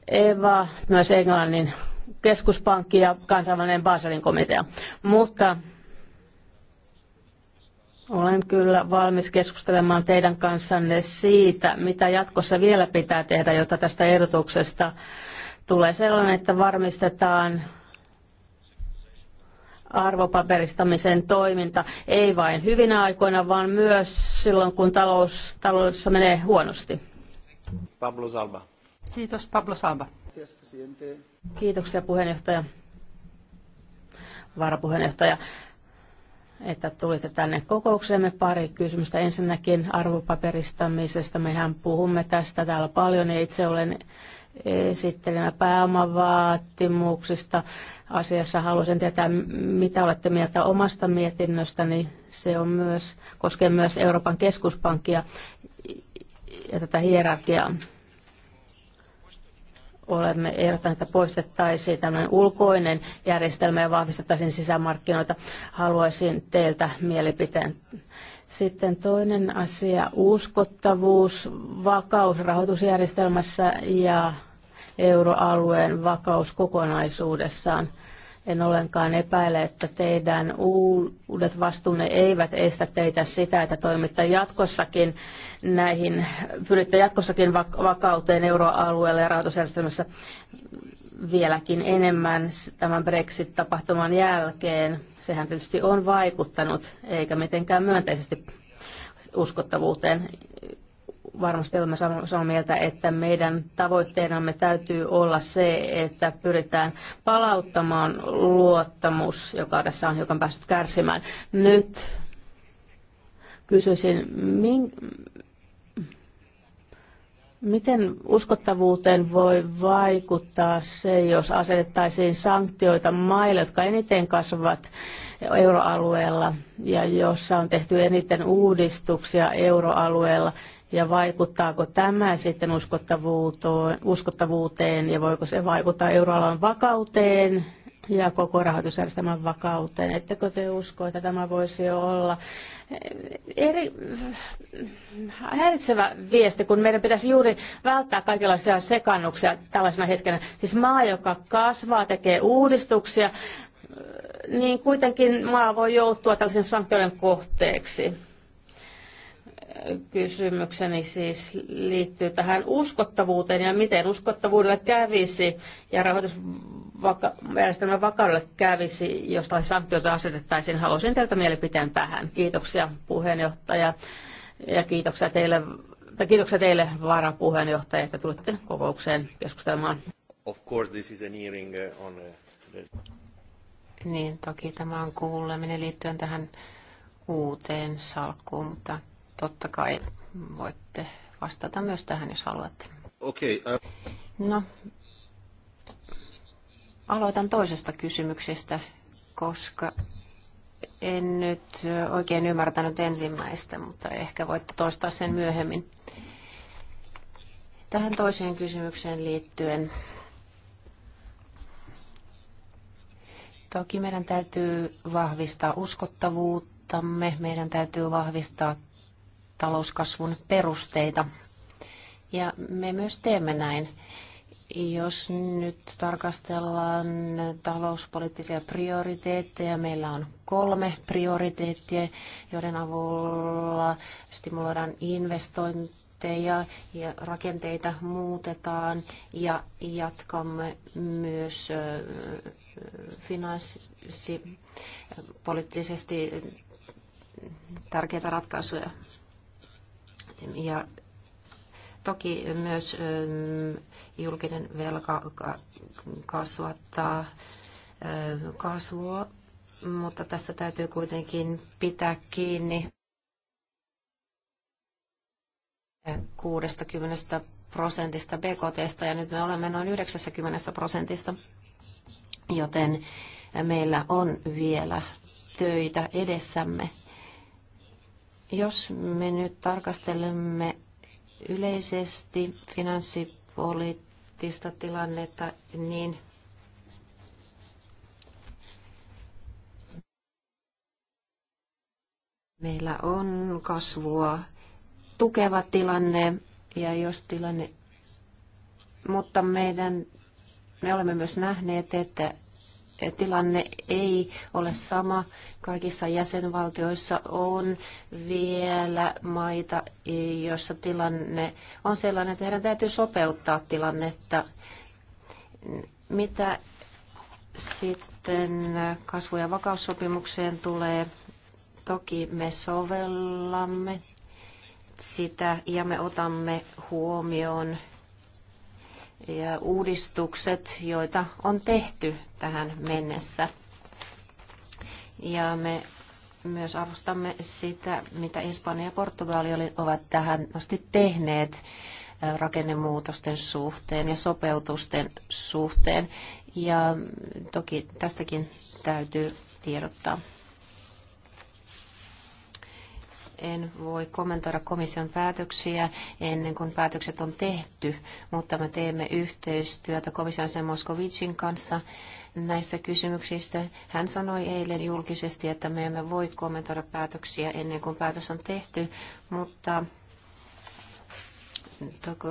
EVA, myös Englannin keskuspankki ja kansainvälinen Baselin komitea. Mutta olen kyllä valmis keskustelemaan teidän kanssanne siitä, mitä jatkossa vielä pitää tehdä, jotta tästä ehdotuksesta tulee sellainen, että varmistetaan arvopaperistamisen toiminta, ei vain hyvinä aikoina, vaan myös silloin, kun talous, taloudessa menee huonosti. Pablo Salva. Kiitos, Pablo Salva. Kiitoksia puheenjohtaja, varapuheenjohtaja, että tulitte tänne kokoukseemme. Pari kysymystä ensinnäkin arvopaperistamisesta. Mehän puhumme tästä täällä paljon ja itse olen esittelemä pääomavaatimuksista. Asiassa haluaisin tietää, mitä olette mieltä omasta mietinnöstäni. Se on myös, koskee myös Euroopan keskuspankkia ja tätä hierarkiaa. Olemme ehdottaneet, että poistettaisiin tämmöinen ulkoinen järjestelmä ja vahvistettaisiin sisämarkkinoita. Haluaisin teiltä mielipiteen sitten toinen asia, uskottavuus, vakaus rahoitusjärjestelmässä ja euroalueen vakaus kokonaisuudessaan. En ollenkaan epäile, että teidän uudet vastuunne eivät estä teitä sitä, että toimitte jatkossakin näihin, pyritte jatkossakin vakauteen euroalueelle ja rahoitusjärjestelmässä vieläkin enemmän tämän Brexit-tapahtuman jälkeen. Sehän tietysti on vaikuttanut, eikä mitenkään myönteisesti uskottavuuteen. Varmasti olemme samaa mieltä, että meidän tavoitteenamme täytyy olla se, että pyritään palauttamaan luottamus, joka tässä on hiukan päässyt kärsimään. Nyt kysyisin, Miten uskottavuuteen voi vaikuttaa se, jos asetettaisiin sanktioita maille, jotka eniten kasvavat euroalueella ja jossa on tehty eniten uudistuksia euroalueella? Ja vaikuttaako tämä sitten uskottavuuteen ja voiko se vaikuttaa euroalueen vakauteen ja koko rahoitusjärjestelmän vakauteen. Ettekö te usko, että tämä voisi olla eh, eri, eh, häiritsevä viesti, kun meidän pitäisi juuri välttää kaikenlaisia sekannuksia tällaisena hetkenä. Siis maa, joka kasvaa, tekee uudistuksia, eh, niin kuitenkin maa voi joutua tällaisen sanktioiden kohteeksi kysymykseni siis liittyy tähän uskottavuuteen ja miten uskottavuudelle kävisi ja rahoitus vaka- järjestelmän vakaudelle kävisi, jos sanktioita asetettaisiin. Haluaisin teiltä mielipiteen tähän. Kiitoksia puheenjohtaja ja kiitoksia teille, tai kiitoksia teille varapuheenjohtaja, että tulitte kokoukseen keskustelemaan. Of course this is an hearing uh, on uh, the... Niin, toki tämä on kuuleminen liittyen tähän uuteen salkkuun, mutta totta kai voitte vastata myös tähän, jos haluatte. Okei. Okay, uh... No, Aloitan toisesta kysymyksestä, koska en nyt oikein ymmärtänyt ensimmäistä, mutta ehkä voitte toistaa sen myöhemmin. Tähän toiseen kysymykseen liittyen. Toki meidän täytyy vahvistaa uskottavuuttamme, meidän täytyy vahvistaa talouskasvun perusteita. Ja me myös teemme näin. Jos nyt tarkastellaan talouspoliittisia prioriteetteja, meillä on kolme prioriteettia, joiden avulla stimuloidaan investointeja ja rakenteita muutetaan ja jatkamme myös finanssipoliittisesti tärkeitä ratkaisuja. Ja Toki myös ähm, julkinen velka kasvattaa ähm, kasvua, mutta tässä täytyy kuitenkin pitää kiinni 60 prosentista BKTstä ja nyt me olemme noin 90 prosentista, joten meillä on vielä töitä edessämme. Jos me nyt tarkastelemme yleisesti finanssipoliittista tilannetta, niin meillä on kasvua tukeva tilanne ja jos tilanne, mutta meidän, me olemme myös nähneet, että tilanne ei ole sama. Kaikissa jäsenvaltioissa on vielä maita, joissa tilanne on sellainen, että heidän täytyy sopeuttaa tilannetta. Mitä sitten kasvu- ja vakaussopimukseen tulee, toki me sovellamme sitä ja me otamme huomioon ja uudistukset, joita on tehty tähän mennessä. Ja me myös arvostamme sitä, mitä Espanja ja Portugali ovat tähän asti tehneet rakennemuutosten suhteen ja sopeutusten suhteen. Ja toki tästäkin täytyy tiedottaa. En voi kommentoida komission päätöksiä ennen kuin päätökset on tehty, mutta me teemme yhteistyötä komission sen Moskovicin kanssa näissä kysymyksissä. Hän sanoi eilen julkisesti, että me emme voi kommentoida päätöksiä ennen kuin päätös on tehty, mutta toko,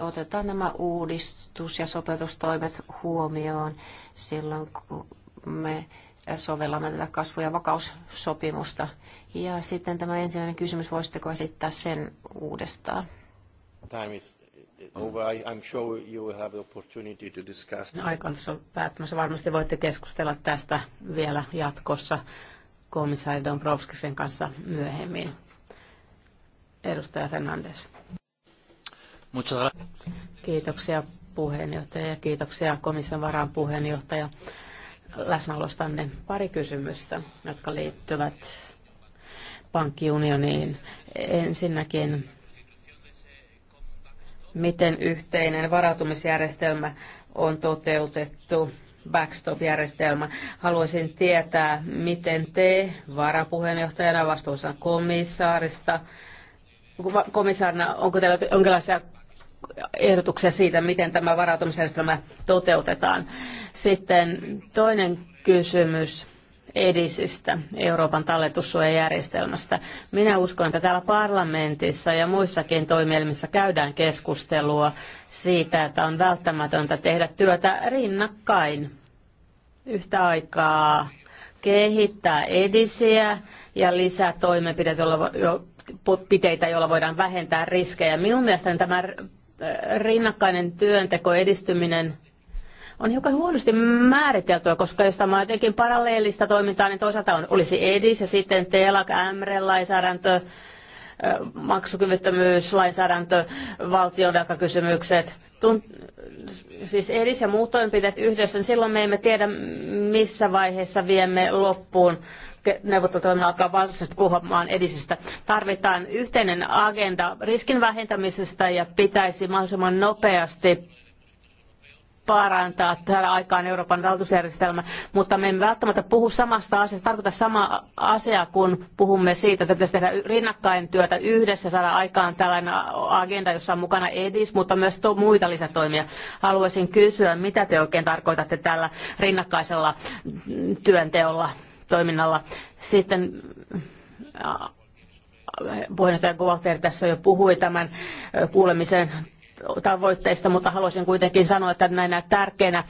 otetaan nämä uudistus- ja sopeutustoimet huomioon silloin, kun me sovellamme tätä kasvu- ja vakaussopimusta. Ja sitten tämä ensimmäinen kysymys, voisitteko esittää sen uudestaan? Time is over. I'm sure you will have the opportunity to discuss. Aika on päättämässä. Varmasti voitte keskustella tästä vielä jatkossa komissaari Dombrovskisen kanssa myöhemmin. Edustaja Fernandes. Kiitoksia puheenjohtaja ja kiitoksia komission varaan puheenjohtaja läsnäolostanne. Pari kysymystä, jotka liittyvät pankkiunioniin. Ensinnäkin, miten yhteinen varautumisjärjestelmä on toteutettu, backstop-järjestelmä. Haluaisin tietää, miten te varapuheenjohtajana vastuussa komissaarista, komissaarina, onko teillä jonkinlaisia ehdotuksia siitä, miten tämä varautumisjärjestelmä toteutetaan. Sitten toinen kysymys edisistä, Euroopan talletussuojajärjestelmästä. Minä uskon, että täällä parlamentissa ja muissakin toimielimissä käydään keskustelua siitä, että on välttämätöntä tehdä työtä rinnakkain yhtä aikaa kehittää edisiä ja lisää toimenpiteitä, joilla, voidaan vähentää riskejä. Minun mielestäni tämä rinnakkainen työnteko, edistyminen on hiukan huonosti määriteltyä, koska jos tämä on jotenkin paralleellista toimintaa, niin toisaalta on, olisi EDIS ja sitten TELAK, MRE-lainsäädäntö, maksukyvyttömyyslainsäädäntö, valtionvelkakysymykset, tunt- siis EDIS ja muut toimenpiteet yhdessä, niin silloin me emme tiedä, missä vaiheessa viemme loppuun Neuvottelut alkaa varsinaisesti puhumaan edisistä. Tarvitaan yhteinen agenda riskin vähentämisestä ja pitäisi mahdollisimman nopeasti parantaa tällä aikaan Euroopan rahoitusjärjestelmä, mutta me emme välttämättä puhu samasta asiasta, tarkoita sama asia kun puhumme siitä, että pitäisi tehdä rinnakkain työtä yhdessä, saada aikaan tällainen agenda, jossa on mukana EDIS, mutta myös muita lisätoimia. Haluaisin kysyä, mitä te oikein tarkoitatte tällä rinnakkaisella työnteolla? toiminnalla. Sitten puheenjohtaja Gualter tässä jo puhui tämän kuulemisen tavoitteista, mutta haluaisin kuitenkin sanoa, että näinä tärkeinä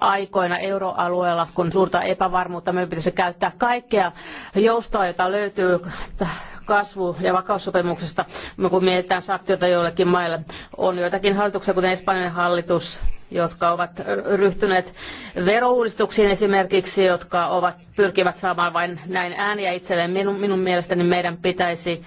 aikoina euroalueella, kun suurta epävarmuutta meidän pitäisi käyttää kaikkea joustoa, jota löytyy kasvu- ja vakaussopimuksesta, kun mietitään sanktioita joillekin maille. On joitakin hallituksia, kuten Espanjan hallitus, jotka ovat ryhtyneet verouudistuksiin esimerkiksi, jotka ovat, pyrkivät saamaan vain näin ääniä itselleen. Minun, minun mielestäni meidän pitäisi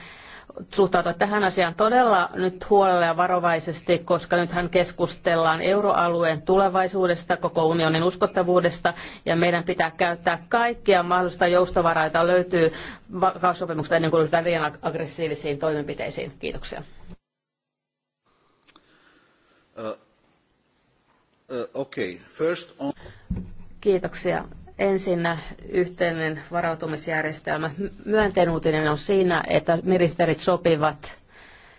suhtautua tähän asiaan todella nyt huolella ja varovaisesti, koska nythän keskustellaan euroalueen tulevaisuudesta, koko unionin uskottavuudesta, ja meidän pitää käyttää kaikkia mahdollista joustovaraa, jota löytyy vakaussopimuksesta ennen kuin ryhdytään liian aggressiivisiin toimenpiteisiin. Kiitoksia. Uh, Uh, Kiitoksia. Ensin yhteinen varautumisjärjestelmä. Myönteinen uutinen on siinä, että ministerit sopivat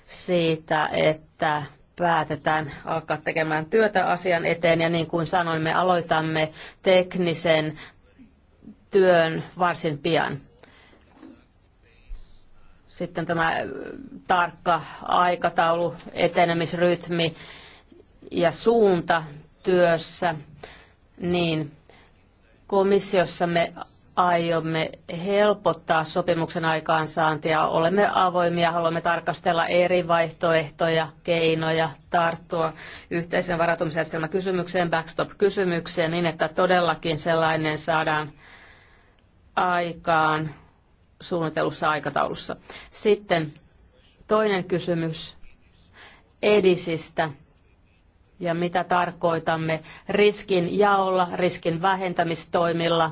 siitä, että päätetään alkaa tekemään työtä asian eteen ja niin kuin sanoimme, aloitamme teknisen työn varsin pian. Sitten tämä tarkka aikataulu, etenemisrytmi ja suunta työssä, niin komissiossa me aiomme helpottaa sopimuksen aikaansaantia. Olemme avoimia, haluamme tarkastella eri vaihtoehtoja, keinoja, tarttua yhteisen varautumisjärjestelmän kysymykseen, backstop-kysymykseen, niin että todellakin sellainen saadaan aikaan suunnitelussa aikataulussa. Sitten toinen kysymys Edisistä ja mitä tarkoitamme riskin jaolla, riskin vähentämistoimilla,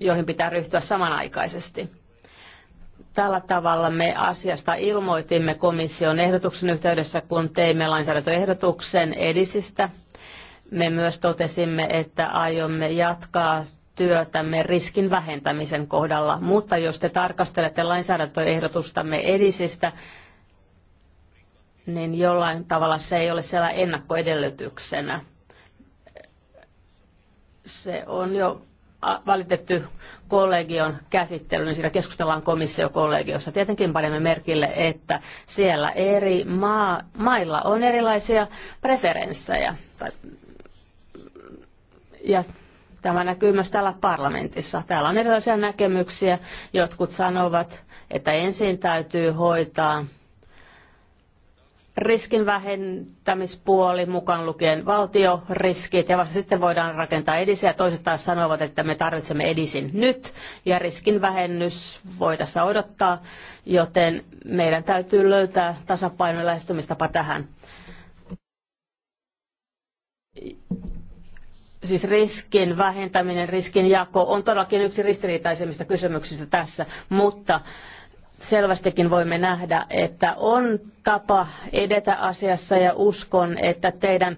joihin pitää ryhtyä samanaikaisesti. Tällä tavalla me asiasta ilmoitimme komission ehdotuksen yhteydessä, kun teimme lainsäädäntöehdotuksen edisistä. Me myös totesimme, että aiomme jatkaa työtämme riskin vähentämisen kohdalla, mutta jos te tarkastelette lainsäädäntöehdotustamme edisistä, niin jollain tavalla se ei ole siellä ennakkoedellytyksenä. Se on jo valitettu kollegion käsittely, niin siitä keskustellaan komissiokollegiossa. Tietenkin panemme merkille, että siellä eri maa, mailla on erilaisia preferenssejä. Ja tämä näkyy myös täällä parlamentissa. Täällä on erilaisia näkemyksiä. Jotkut sanovat, että ensin täytyy hoitaa riskin vähentämispuoli mukaan lukien valtioriskit ja vasta sitten voidaan rakentaa edisiä. Ja toiset taas sanovat, että me tarvitsemme edisin nyt ja riskin vähennys voi tässä odottaa, joten meidän täytyy löytää tasapaino lähestymistapa tähän. Siis riskin vähentäminen, riskin jako on todellakin yksi ristiriitaisimmista kysymyksistä tässä, mutta selvästikin voimme nähdä, että on tapa edetä asiassa ja uskon, että teidän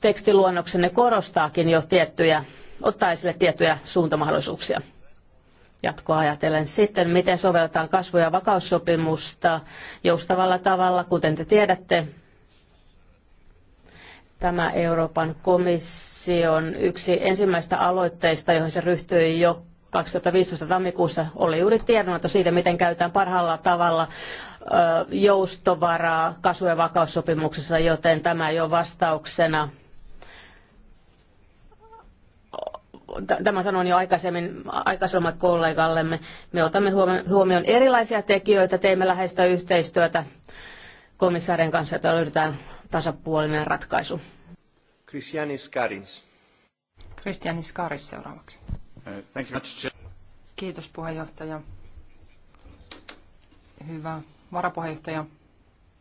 tekstiluonnoksenne korostaakin jo tiettyjä, ottaa esille tiettyjä suuntamahdollisuuksia jatkoa ajatellen. Sitten miten sovelletaan kasvu- ja vakaussopimusta joustavalla tavalla, kuten te tiedätte. Tämä Euroopan komission yksi ensimmäistä aloitteista, johon se ryhtyi jo 2015 tammikuussa oli juuri tiedonanto siitä, miten käytetään parhaalla tavalla joustovaraa kasvu- ja vakaussopimuksessa, joten tämä jo vastauksena tämä sanoin jo aikaisemmin aikaisemmalle kollegallemme, me otamme huomioon erilaisia tekijöitä, teemme läheistä yhteistyötä komissaarien kanssa, että löydetään tasapuolinen ratkaisu. Christianis Karis. Christianis Karis seuraavaksi. Thank you much. Kiitos puheenjohtaja. Hyvä varapuheenjohtaja.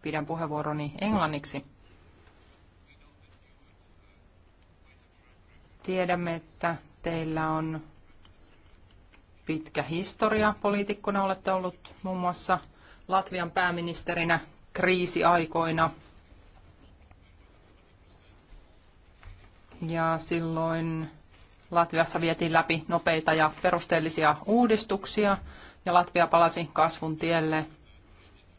Pidän puheenvuoroni englanniksi. Tiedämme, että teillä on pitkä historia poliitikkona. Olette ollut muun muassa Latvian pääministerinä kriisiaikoina. Ja silloin Latviassa vietiin läpi nopeita ja perusteellisia uudistuksia ja Latvia palasi kasvun tielle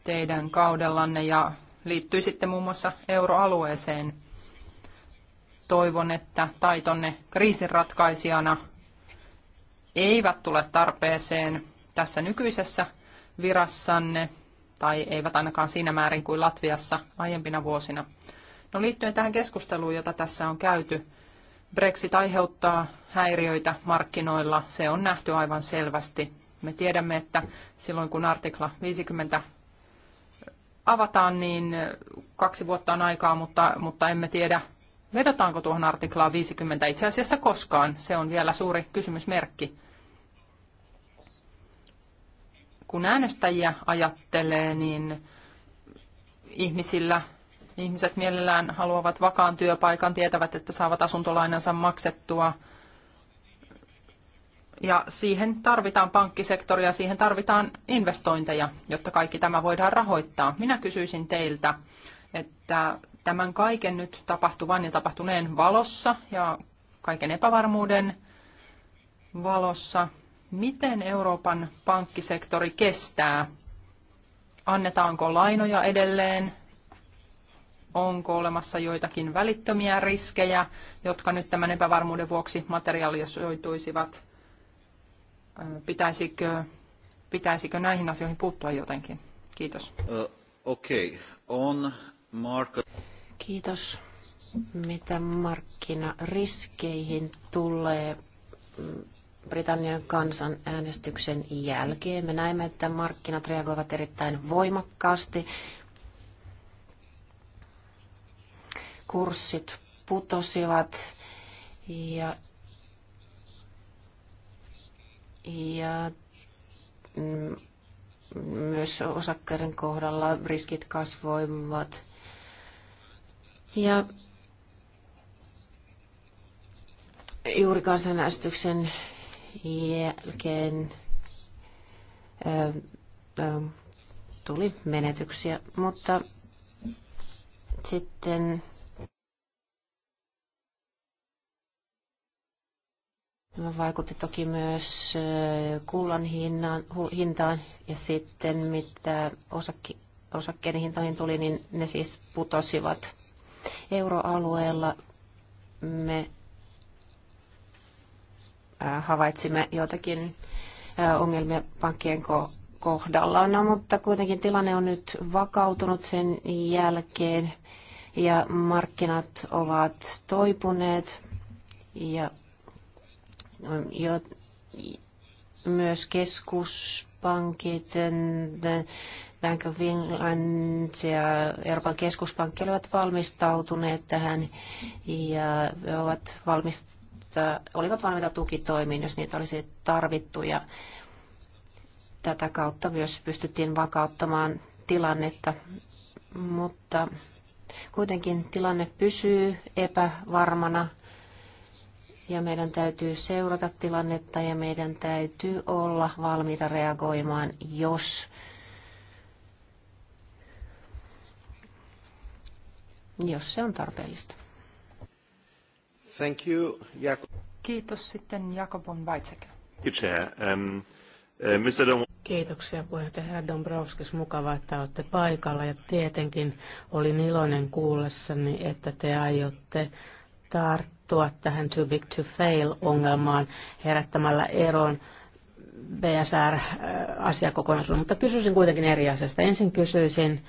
teidän kaudellanne ja liittyi sitten muun muassa euroalueeseen. Toivon, että taitonne kriisinratkaisijana eivät tule tarpeeseen tässä nykyisessä virassanne, tai eivät ainakaan siinä määrin kuin Latviassa aiempina vuosina. No liittyen tähän keskusteluun, jota tässä on käyty, Brexit aiheuttaa häiriöitä markkinoilla, se on nähty aivan selvästi. Me tiedämme, että silloin kun artikla 50 avataan, niin kaksi vuotta on aikaa, mutta, mutta emme tiedä, vedotaanko tuohon artiklaan 50 itse asiassa koskaan. Se on vielä suuri kysymysmerkki. Kun äänestäjiä ajattelee, niin ihmisillä Ihmiset mielellään haluavat vakaan työpaikan, tietävät, että saavat asuntolainansa maksettua. Ja siihen tarvitaan pankkisektoria, siihen tarvitaan investointeja, jotta kaikki tämä voidaan rahoittaa. Minä kysyisin teiltä, että tämän kaiken nyt tapahtuvan ja tapahtuneen valossa ja kaiken epävarmuuden valossa, miten Euroopan pankkisektori kestää? Annetaanko lainoja edelleen onko olemassa joitakin välittömiä riskejä, jotka nyt tämän epävarmuuden vuoksi materialisoituisivat. Pitäisikö, pitäisikö näihin asioihin puuttua jotenkin? Kiitos. Uh, okay. On market... Kiitos. Mitä markkinariskeihin tulee mm, Britannian kansan äänestyksen jälkeen? Me näimme, että markkinat reagoivat erittäin voimakkaasti, kurssit putosivat ja, ja mm, myös osakkeiden kohdalla riskit kasvoivat. Ja juuri kansanäänestyksen jälkeen ö, ö, tuli menetyksiä, mutta sitten Vaikutti toki myös äh, kullan hinnan, hintaan ja sitten mitä osakki, osakkeiden hintoihin tuli, niin ne siis putosivat. Euroalueella me äh, havaitsimme joitakin äh, ongelmia pankkien kohdalla, no, mutta kuitenkin tilanne on nyt vakautunut sen jälkeen ja markkinat ovat toipuneet ja jo, myös keskuspankit, Bank of England ja Euroopan keskuspankki olivat valmistautuneet tähän ja ovat valmista, olivat valmiita tukitoimiin, jos niitä olisi tarvittu. Ja tätä kautta myös pystyttiin vakauttamaan tilannetta, mutta kuitenkin tilanne pysyy epävarmana – ja meidän täytyy seurata tilannetta ja meidän täytyy olla valmiita reagoimaan, jos jos se on tarpeellista. Thank you, Jakob. Kiitos sitten Jakobon Weizsäkä. Um, uh, Kiitoksia puheenjohtaja herra Dombrovskis. Mukava, että olette paikalla ja tietenkin olin iloinen kuullessani, että te aiotte tarttua puuttua tähän too big to fail ongelmaan herättämällä eron BSR-asiakokonaisuuden, mutta kysyisin kuitenkin eri asiasta. Ensin kysyisin,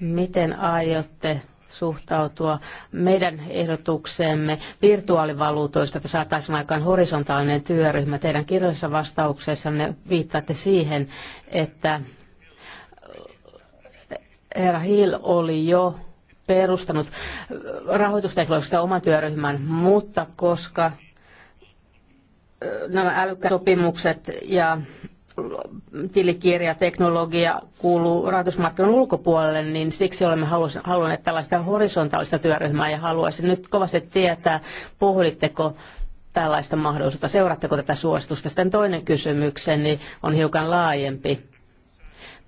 miten aiotte suhtautua meidän ehdotukseemme virtuaalivaluutoista, että saataisiin aikaan horisontaalinen työryhmä. Teidän kirjallisessa vastauksessanne viittaatte siihen, että herra Hill oli jo perustanut rahoitusteknologista oman työryhmän, mutta koska nämä älykkäät sopimukset ja tilikirja, teknologia kuuluu rahoitusmarkkinoiden ulkopuolelle, niin siksi olemme halunneet tällaista horisontaalista työryhmää ja haluaisin nyt kovasti tietää, pohditteko tällaista mahdollisuutta, seuratteko tätä suositusta. Sitten toinen kysymykseni on hiukan laajempi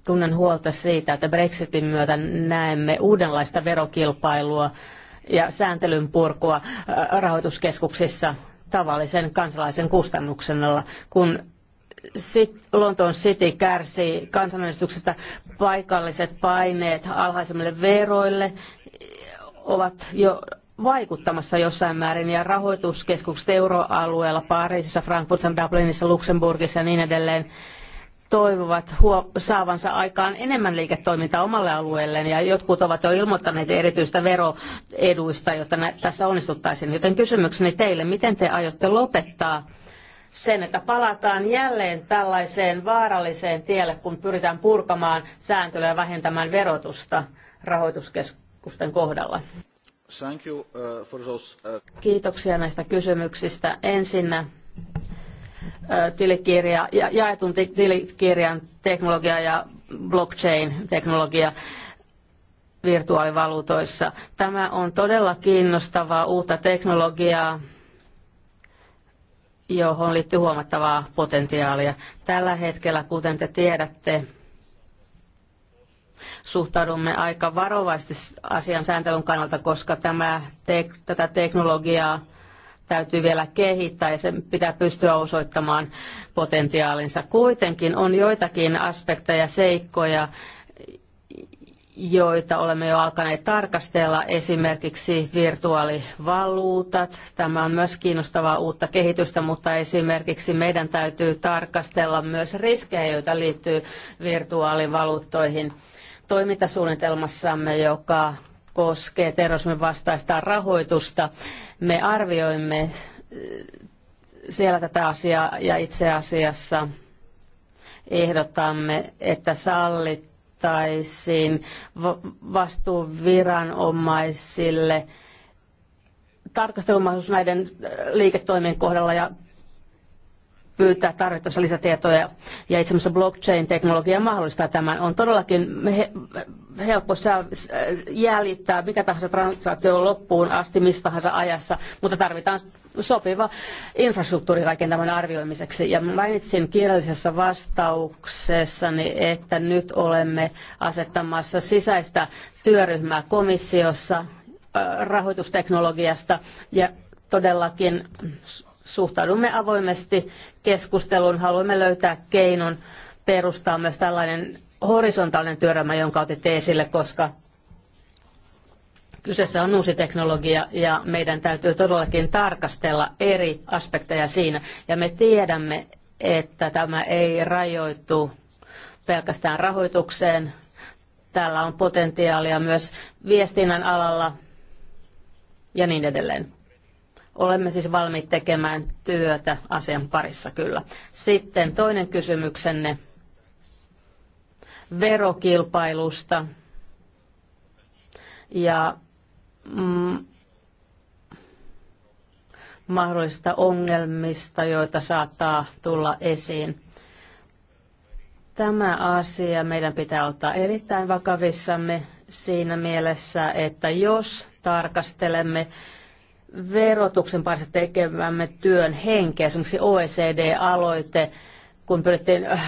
tunnen huolta siitä, että Brexitin myötä näemme uudenlaista verokilpailua ja sääntelyn purkua äh, rahoituskeskuksissa tavallisen kansalaisen kustannuksella, kun Lontoon City kärsii kansanäänestyksestä paikalliset paineet alhaisemmille veroille ovat jo vaikuttamassa jossain määrin ja rahoituskeskukset euroalueella, Pariisissa, Frankfurtissa, Dublinissa, Luxemburgissa ja niin edelleen toivovat saavansa aikaan enemmän liiketoimintaa omalle alueelleen ja jotkut ovat jo ilmoittaneet erityistä veroeduista, jotta tässä onnistuttaisiin. Joten kysymykseni teille, miten te aiotte lopettaa sen, että palataan jälleen tällaiseen vaaralliseen tielle, kun pyritään purkamaan sääntelyä ja vähentämään verotusta rahoituskeskusten kohdalla? Uh, uh, Kiitoksia näistä kysymyksistä. Ensinnä tilikirja, ja jaetun tilikirjan teknologia ja blockchain-teknologia virtuaalivaluutoissa. Tämä on todella kiinnostavaa uutta teknologiaa, johon liittyy huomattavaa potentiaalia. Tällä hetkellä, kuten te tiedätte, suhtaudumme aika varovaisesti asian sääntelyn kannalta, koska tämä, te, tätä teknologiaa täytyy vielä kehittää ja sen pitää pystyä osoittamaan potentiaalinsa. Kuitenkin on joitakin aspekteja, seikkoja, joita olemme jo alkaneet tarkastella, esimerkiksi virtuaalivaluutat. Tämä on myös kiinnostavaa uutta kehitystä, mutta esimerkiksi meidän täytyy tarkastella myös riskejä, joita liittyy virtuaalivaluuttoihin. Toimintasuunnitelmassamme, joka koskee terrorismin vastaista rahoitusta. Me arvioimme äh, siellä tätä asiaa ja itse asiassa ehdotamme, että sallittaisiin vastuuviranomaisille tarkastelumahdollisuus näiden äh, liiketoimien kohdalla ja pyytää tarvittaessa lisätietoja. Ja itse asiassa blockchain-teknologia mahdollistaa tämän. On todellakin he, helppo jäljittää mikä tahansa transaktio loppuun asti, missä tahansa ajassa, mutta tarvitaan sopiva infrastruktuuri kaiken tämän arvioimiseksi. Ja mainitsin kirjallisessa vastauksessani, että nyt olemme asettamassa sisäistä työryhmää komissiossa rahoitusteknologiasta ja todellakin suhtaudumme avoimesti keskustelun. Haluamme löytää keinon perustaa myös tällainen horisontaalinen työryhmä, jonka otitte esille, koska kyseessä on uusi teknologia ja meidän täytyy todellakin tarkastella eri aspekteja siinä. Ja me tiedämme, että tämä ei rajoitu pelkästään rahoitukseen. Täällä on potentiaalia myös viestinnän alalla ja niin edelleen. Olemme siis valmiit tekemään työtä asian parissa kyllä. Sitten toinen kysymyksenne verokilpailusta ja mm, mahdollisista ongelmista, joita saattaa tulla esiin. Tämä asia meidän pitää ottaa erittäin vakavissamme siinä mielessä, että jos tarkastelemme verotuksen parissa tekemämme työn henkeä, esimerkiksi OECD-aloite, kun pyrittiin äh,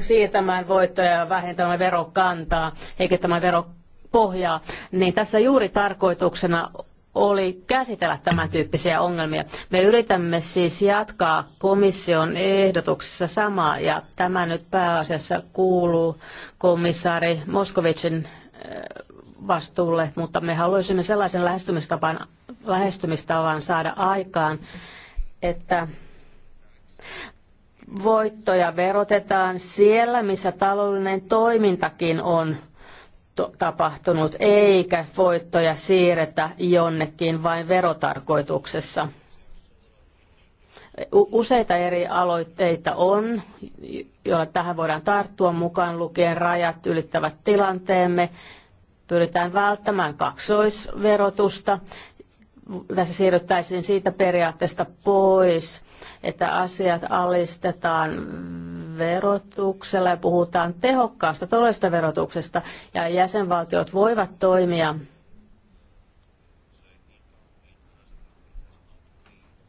siirtämään voittoja ja vähentämään verokantaa, eikä tämä veropohjaa, niin tässä juuri tarkoituksena oli käsitellä tämän tyyppisiä ongelmia. Me yritämme siis jatkaa komission ehdotuksessa samaa, ja tämä nyt pääasiassa kuuluu komissaari Moskovicin äh, vastuulle, mutta me haluaisimme sellaisen lähestymistapan lähestymistavan saada aikaan, että voittoja verotetaan siellä, missä taloudellinen toimintakin on tapahtunut, eikä voittoja siirretä jonnekin vain verotarkoituksessa. Useita eri aloitteita on, joilla tähän voidaan tarttua mukaan lukien rajat ylittävät tilanteemme. Pyritään välttämään kaksoisverotusta tässä siirryttäisiin siitä periaatteesta pois, että asiat alistetaan verotuksella ja puhutaan tehokkaasta todellisesta verotuksesta ja jäsenvaltiot voivat toimia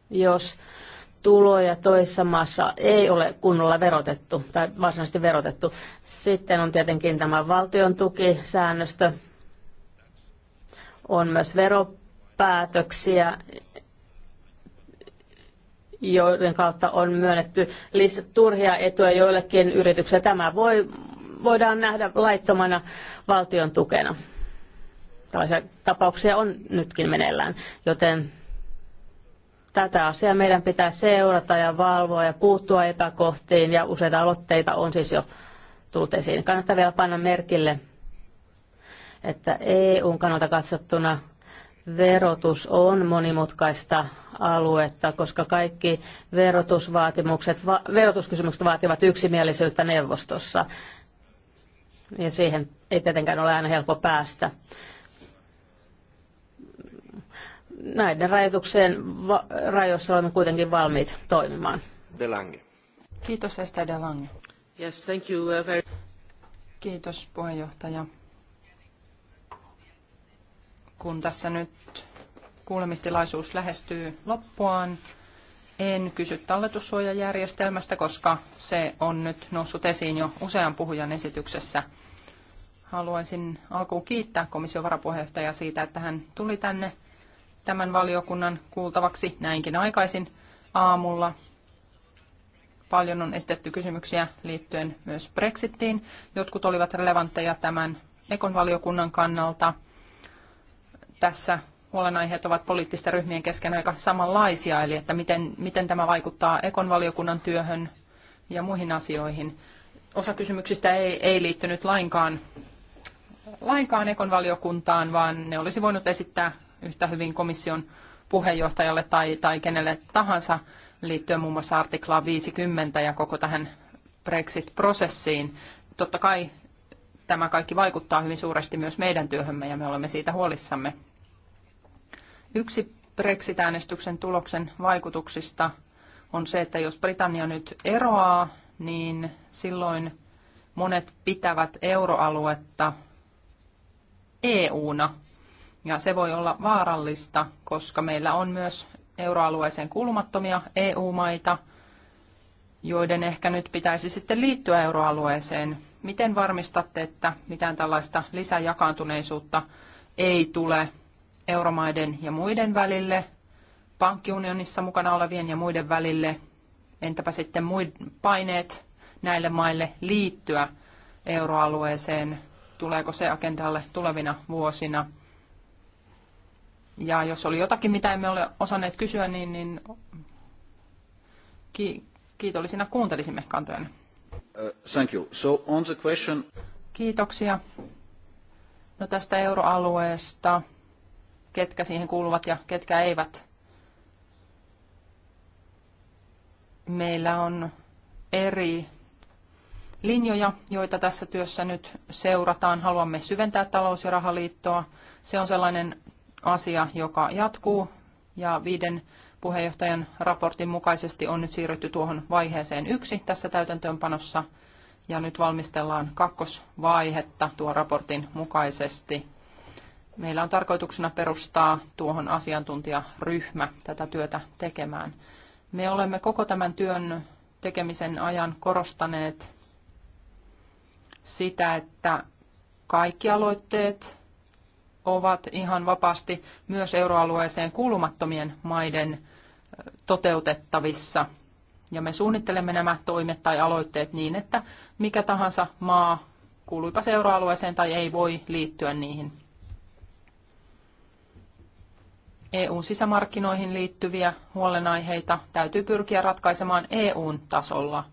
jos tuloja toisessa maassa ei ole kunnolla verotettu tai varsinaisesti verotettu. Sitten on tietenkin tämä valtion tukisäännöstö. On myös vero päätöksiä, joiden kautta on myönnetty lisä, turhia etuja joillekin yrityksille. Tämä voi, voidaan nähdä laittomana valtion tukena. Tällaisia tapauksia on nytkin meneillään, joten tätä asiaa meidän pitää seurata ja valvoa ja puuttua epäkohtiin ja useita aloitteita on siis jo tullut esiin. Kannattaa vielä panna merkille, että EUn kannalta katsottuna Verotus on monimutkaista aluetta, koska kaikki verotusvaatimukset, va, verotuskysymykset vaativat yksimielisyyttä neuvostossa. Ja siihen ei tietenkään ole aina helppo päästä. Näiden rajoituksien va- rajoissa olemme kuitenkin valmiit toimimaan. De Lange. Kiitos Esther De Lange. Yes, thank you uh, very... Kiitos puheenjohtaja kun tässä nyt kuulemistilaisuus lähestyy loppuaan, en kysy talletussuojajärjestelmästä, koska se on nyt noussut esiin jo usean puhujan esityksessä. Haluaisin alkuun kiittää komission varapuheenjohtajaa siitä, että hän tuli tänne tämän valiokunnan kuultavaksi näinkin aikaisin aamulla. Paljon on esitetty kysymyksiä liittyen myös Brexittiin. Jotkut olivat relevantteja tämän ekon valiokunnan kannalta – tässä huolenaiheet ovat poliittisten ryhmien kesken aika samanlaisia, eli että miten, miten tämä vaikuttaa Ekon valiokunnan työhön ja muihin asioihin. Osa kysymyksistä ei, ei liittynyt lainkaan, lainkaan Ekon valiokuntaan, vaan ne olisi voinut esittää yhtä hyvin komission puheenjohtajalle tai, tai kenelle tahansa liittyen muun muassa artiklaan 50 ja koko tähän Brexit-prosessiin. Totta kai tämä kaikki vaikuttaa hyvin suuresti myös meidän työhömme ja me olemme siitä huolissamme. Yksi Brexit-äänestyksen tuloksen vaikutuksista on se, että jos Britannia nyt eroaa, niin silloin monet pitävät euroaluetta EU-na. Ja se voi olla vaarallista, koska meillä on myös euroalueeseen kuulumattomia EU-maita, joiden ehkä nyt pitäisi sitten liittyä euroalueeseen. Miten varmistatte, että mitään tällaista lisäjakaantuneisuutta ei tule euromaiden ja muiden välille, pankkiunionissa mukana olevien ja muiden välille, entäpä sitten paineet näille maille liittyä euroalueeseen, tuleeko se agendalle tulevina vuosina. Ja jos oli jotakin, mitä emme ole osanneet kysyä, niin, niin ki- kiitollisina kuuntelisimme kantojen. Uh, thank you. So on the question... Kiitoksia. No tästä euroalueesta ketkä siihen kuuluvat ja ketkä eivät. Meillä on eri linjoja, joita tässä työssä nyt seurataan. Haluamme syventää talous- ja rahaliittoa. Se on sellainen asia, joka jatkuu ja viiden puheenjohtajan raportin mukaisesti on nyt siirrytty tuohon vaiheeseen yksi tässä täytäntöönpanossa ja nyt valmistellaan kakkosvaihetta tuon raportin mukaisesti. Meillä on tarkoituksena perustaa tuohon asiantuntijaryhmä tätä työtä tekemään. Me olemme koko tämän työn tekemisen ajan korostaneet sitä, että kaikki aloitteet ovat ihan vapaasti myös euroalueeseen kuulumattomien maiden toteutettavissa. Ja me suunnittelemme nämä toimet tai aloitteet niin, että mikä tahansa maa, kuuluipa euroalueeseen tai ei, voi liittyä niihin. EUn sisämarkkinoihin liittyviä huolenaiheita täytyy pyrkiä ratkaisemaan EUn tasolla.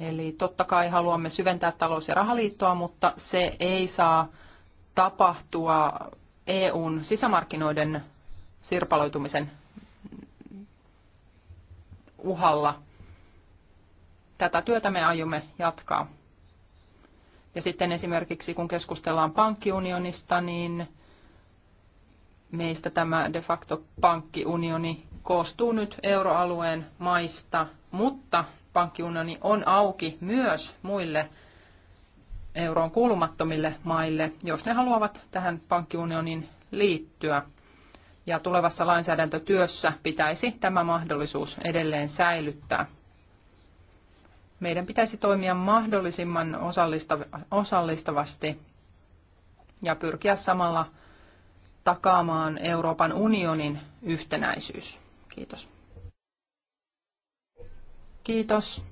Eli totta kai haluamme syventää talous- ja rahaliittoa, mutta se ei saa tapahtua EUn sisämarkkinoiden sirpaloitumisen uhalla. Tätä työtä me aiomme jatkaa. Ja sitten esimerkiksi kun keskustellaan pankkiunionista, niin meistä tämä de facto pankkiunioni koostuu nyt euroalueen maista, mutta pankkiunioni on auki myös muille euroon kuulumattomille maille, jos ne haluavat tähän pankkiunionin liittyä. Ja tulevassa lainsäädäntötyössä pitäisi tämä mahdollisuus edelleen säilyttää. Meidän pitäisi toimia mahdollisimman osallistavasti ja pyrkiä samalla takaamaan Euroopan unionin yhtenäisyys. Kiitos. Kiitos.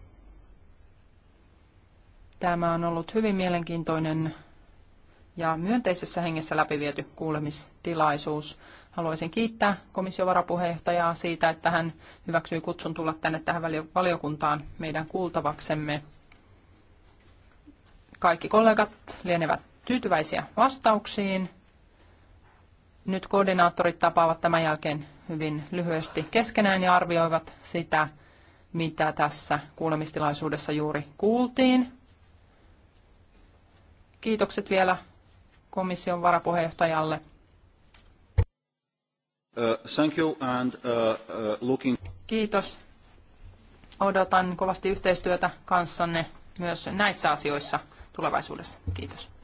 Tämä on ollut hyvin mielenkiintoinen ja myönteisessä hengessä läpiviety kuulemistilaisuus. Haluaisin kiittää komission varapuheenjohtajaa siitä, että hän hyväksyi kutsun tulla tänne tähän valiokuntaan meidän kuultavaksemme. Kaikki kollegat lienevät tyytyväisiä vastauksiin. Nyt koordinaattorit tapaavat tämän jälkeen hyvin lyhyesti keskenään ja arvioivat sitä, mitä tässä kuulemistilaisuudessa juuri kuultiin. Kiitokset vielä komission varapuheenjohtajalle. Uh, thank you and, uh, uh, looking... Kiitos. Odotan kovasti yhteistyötä kanssanne myös näissä asioissa tulevaisuudessa. Kiitos.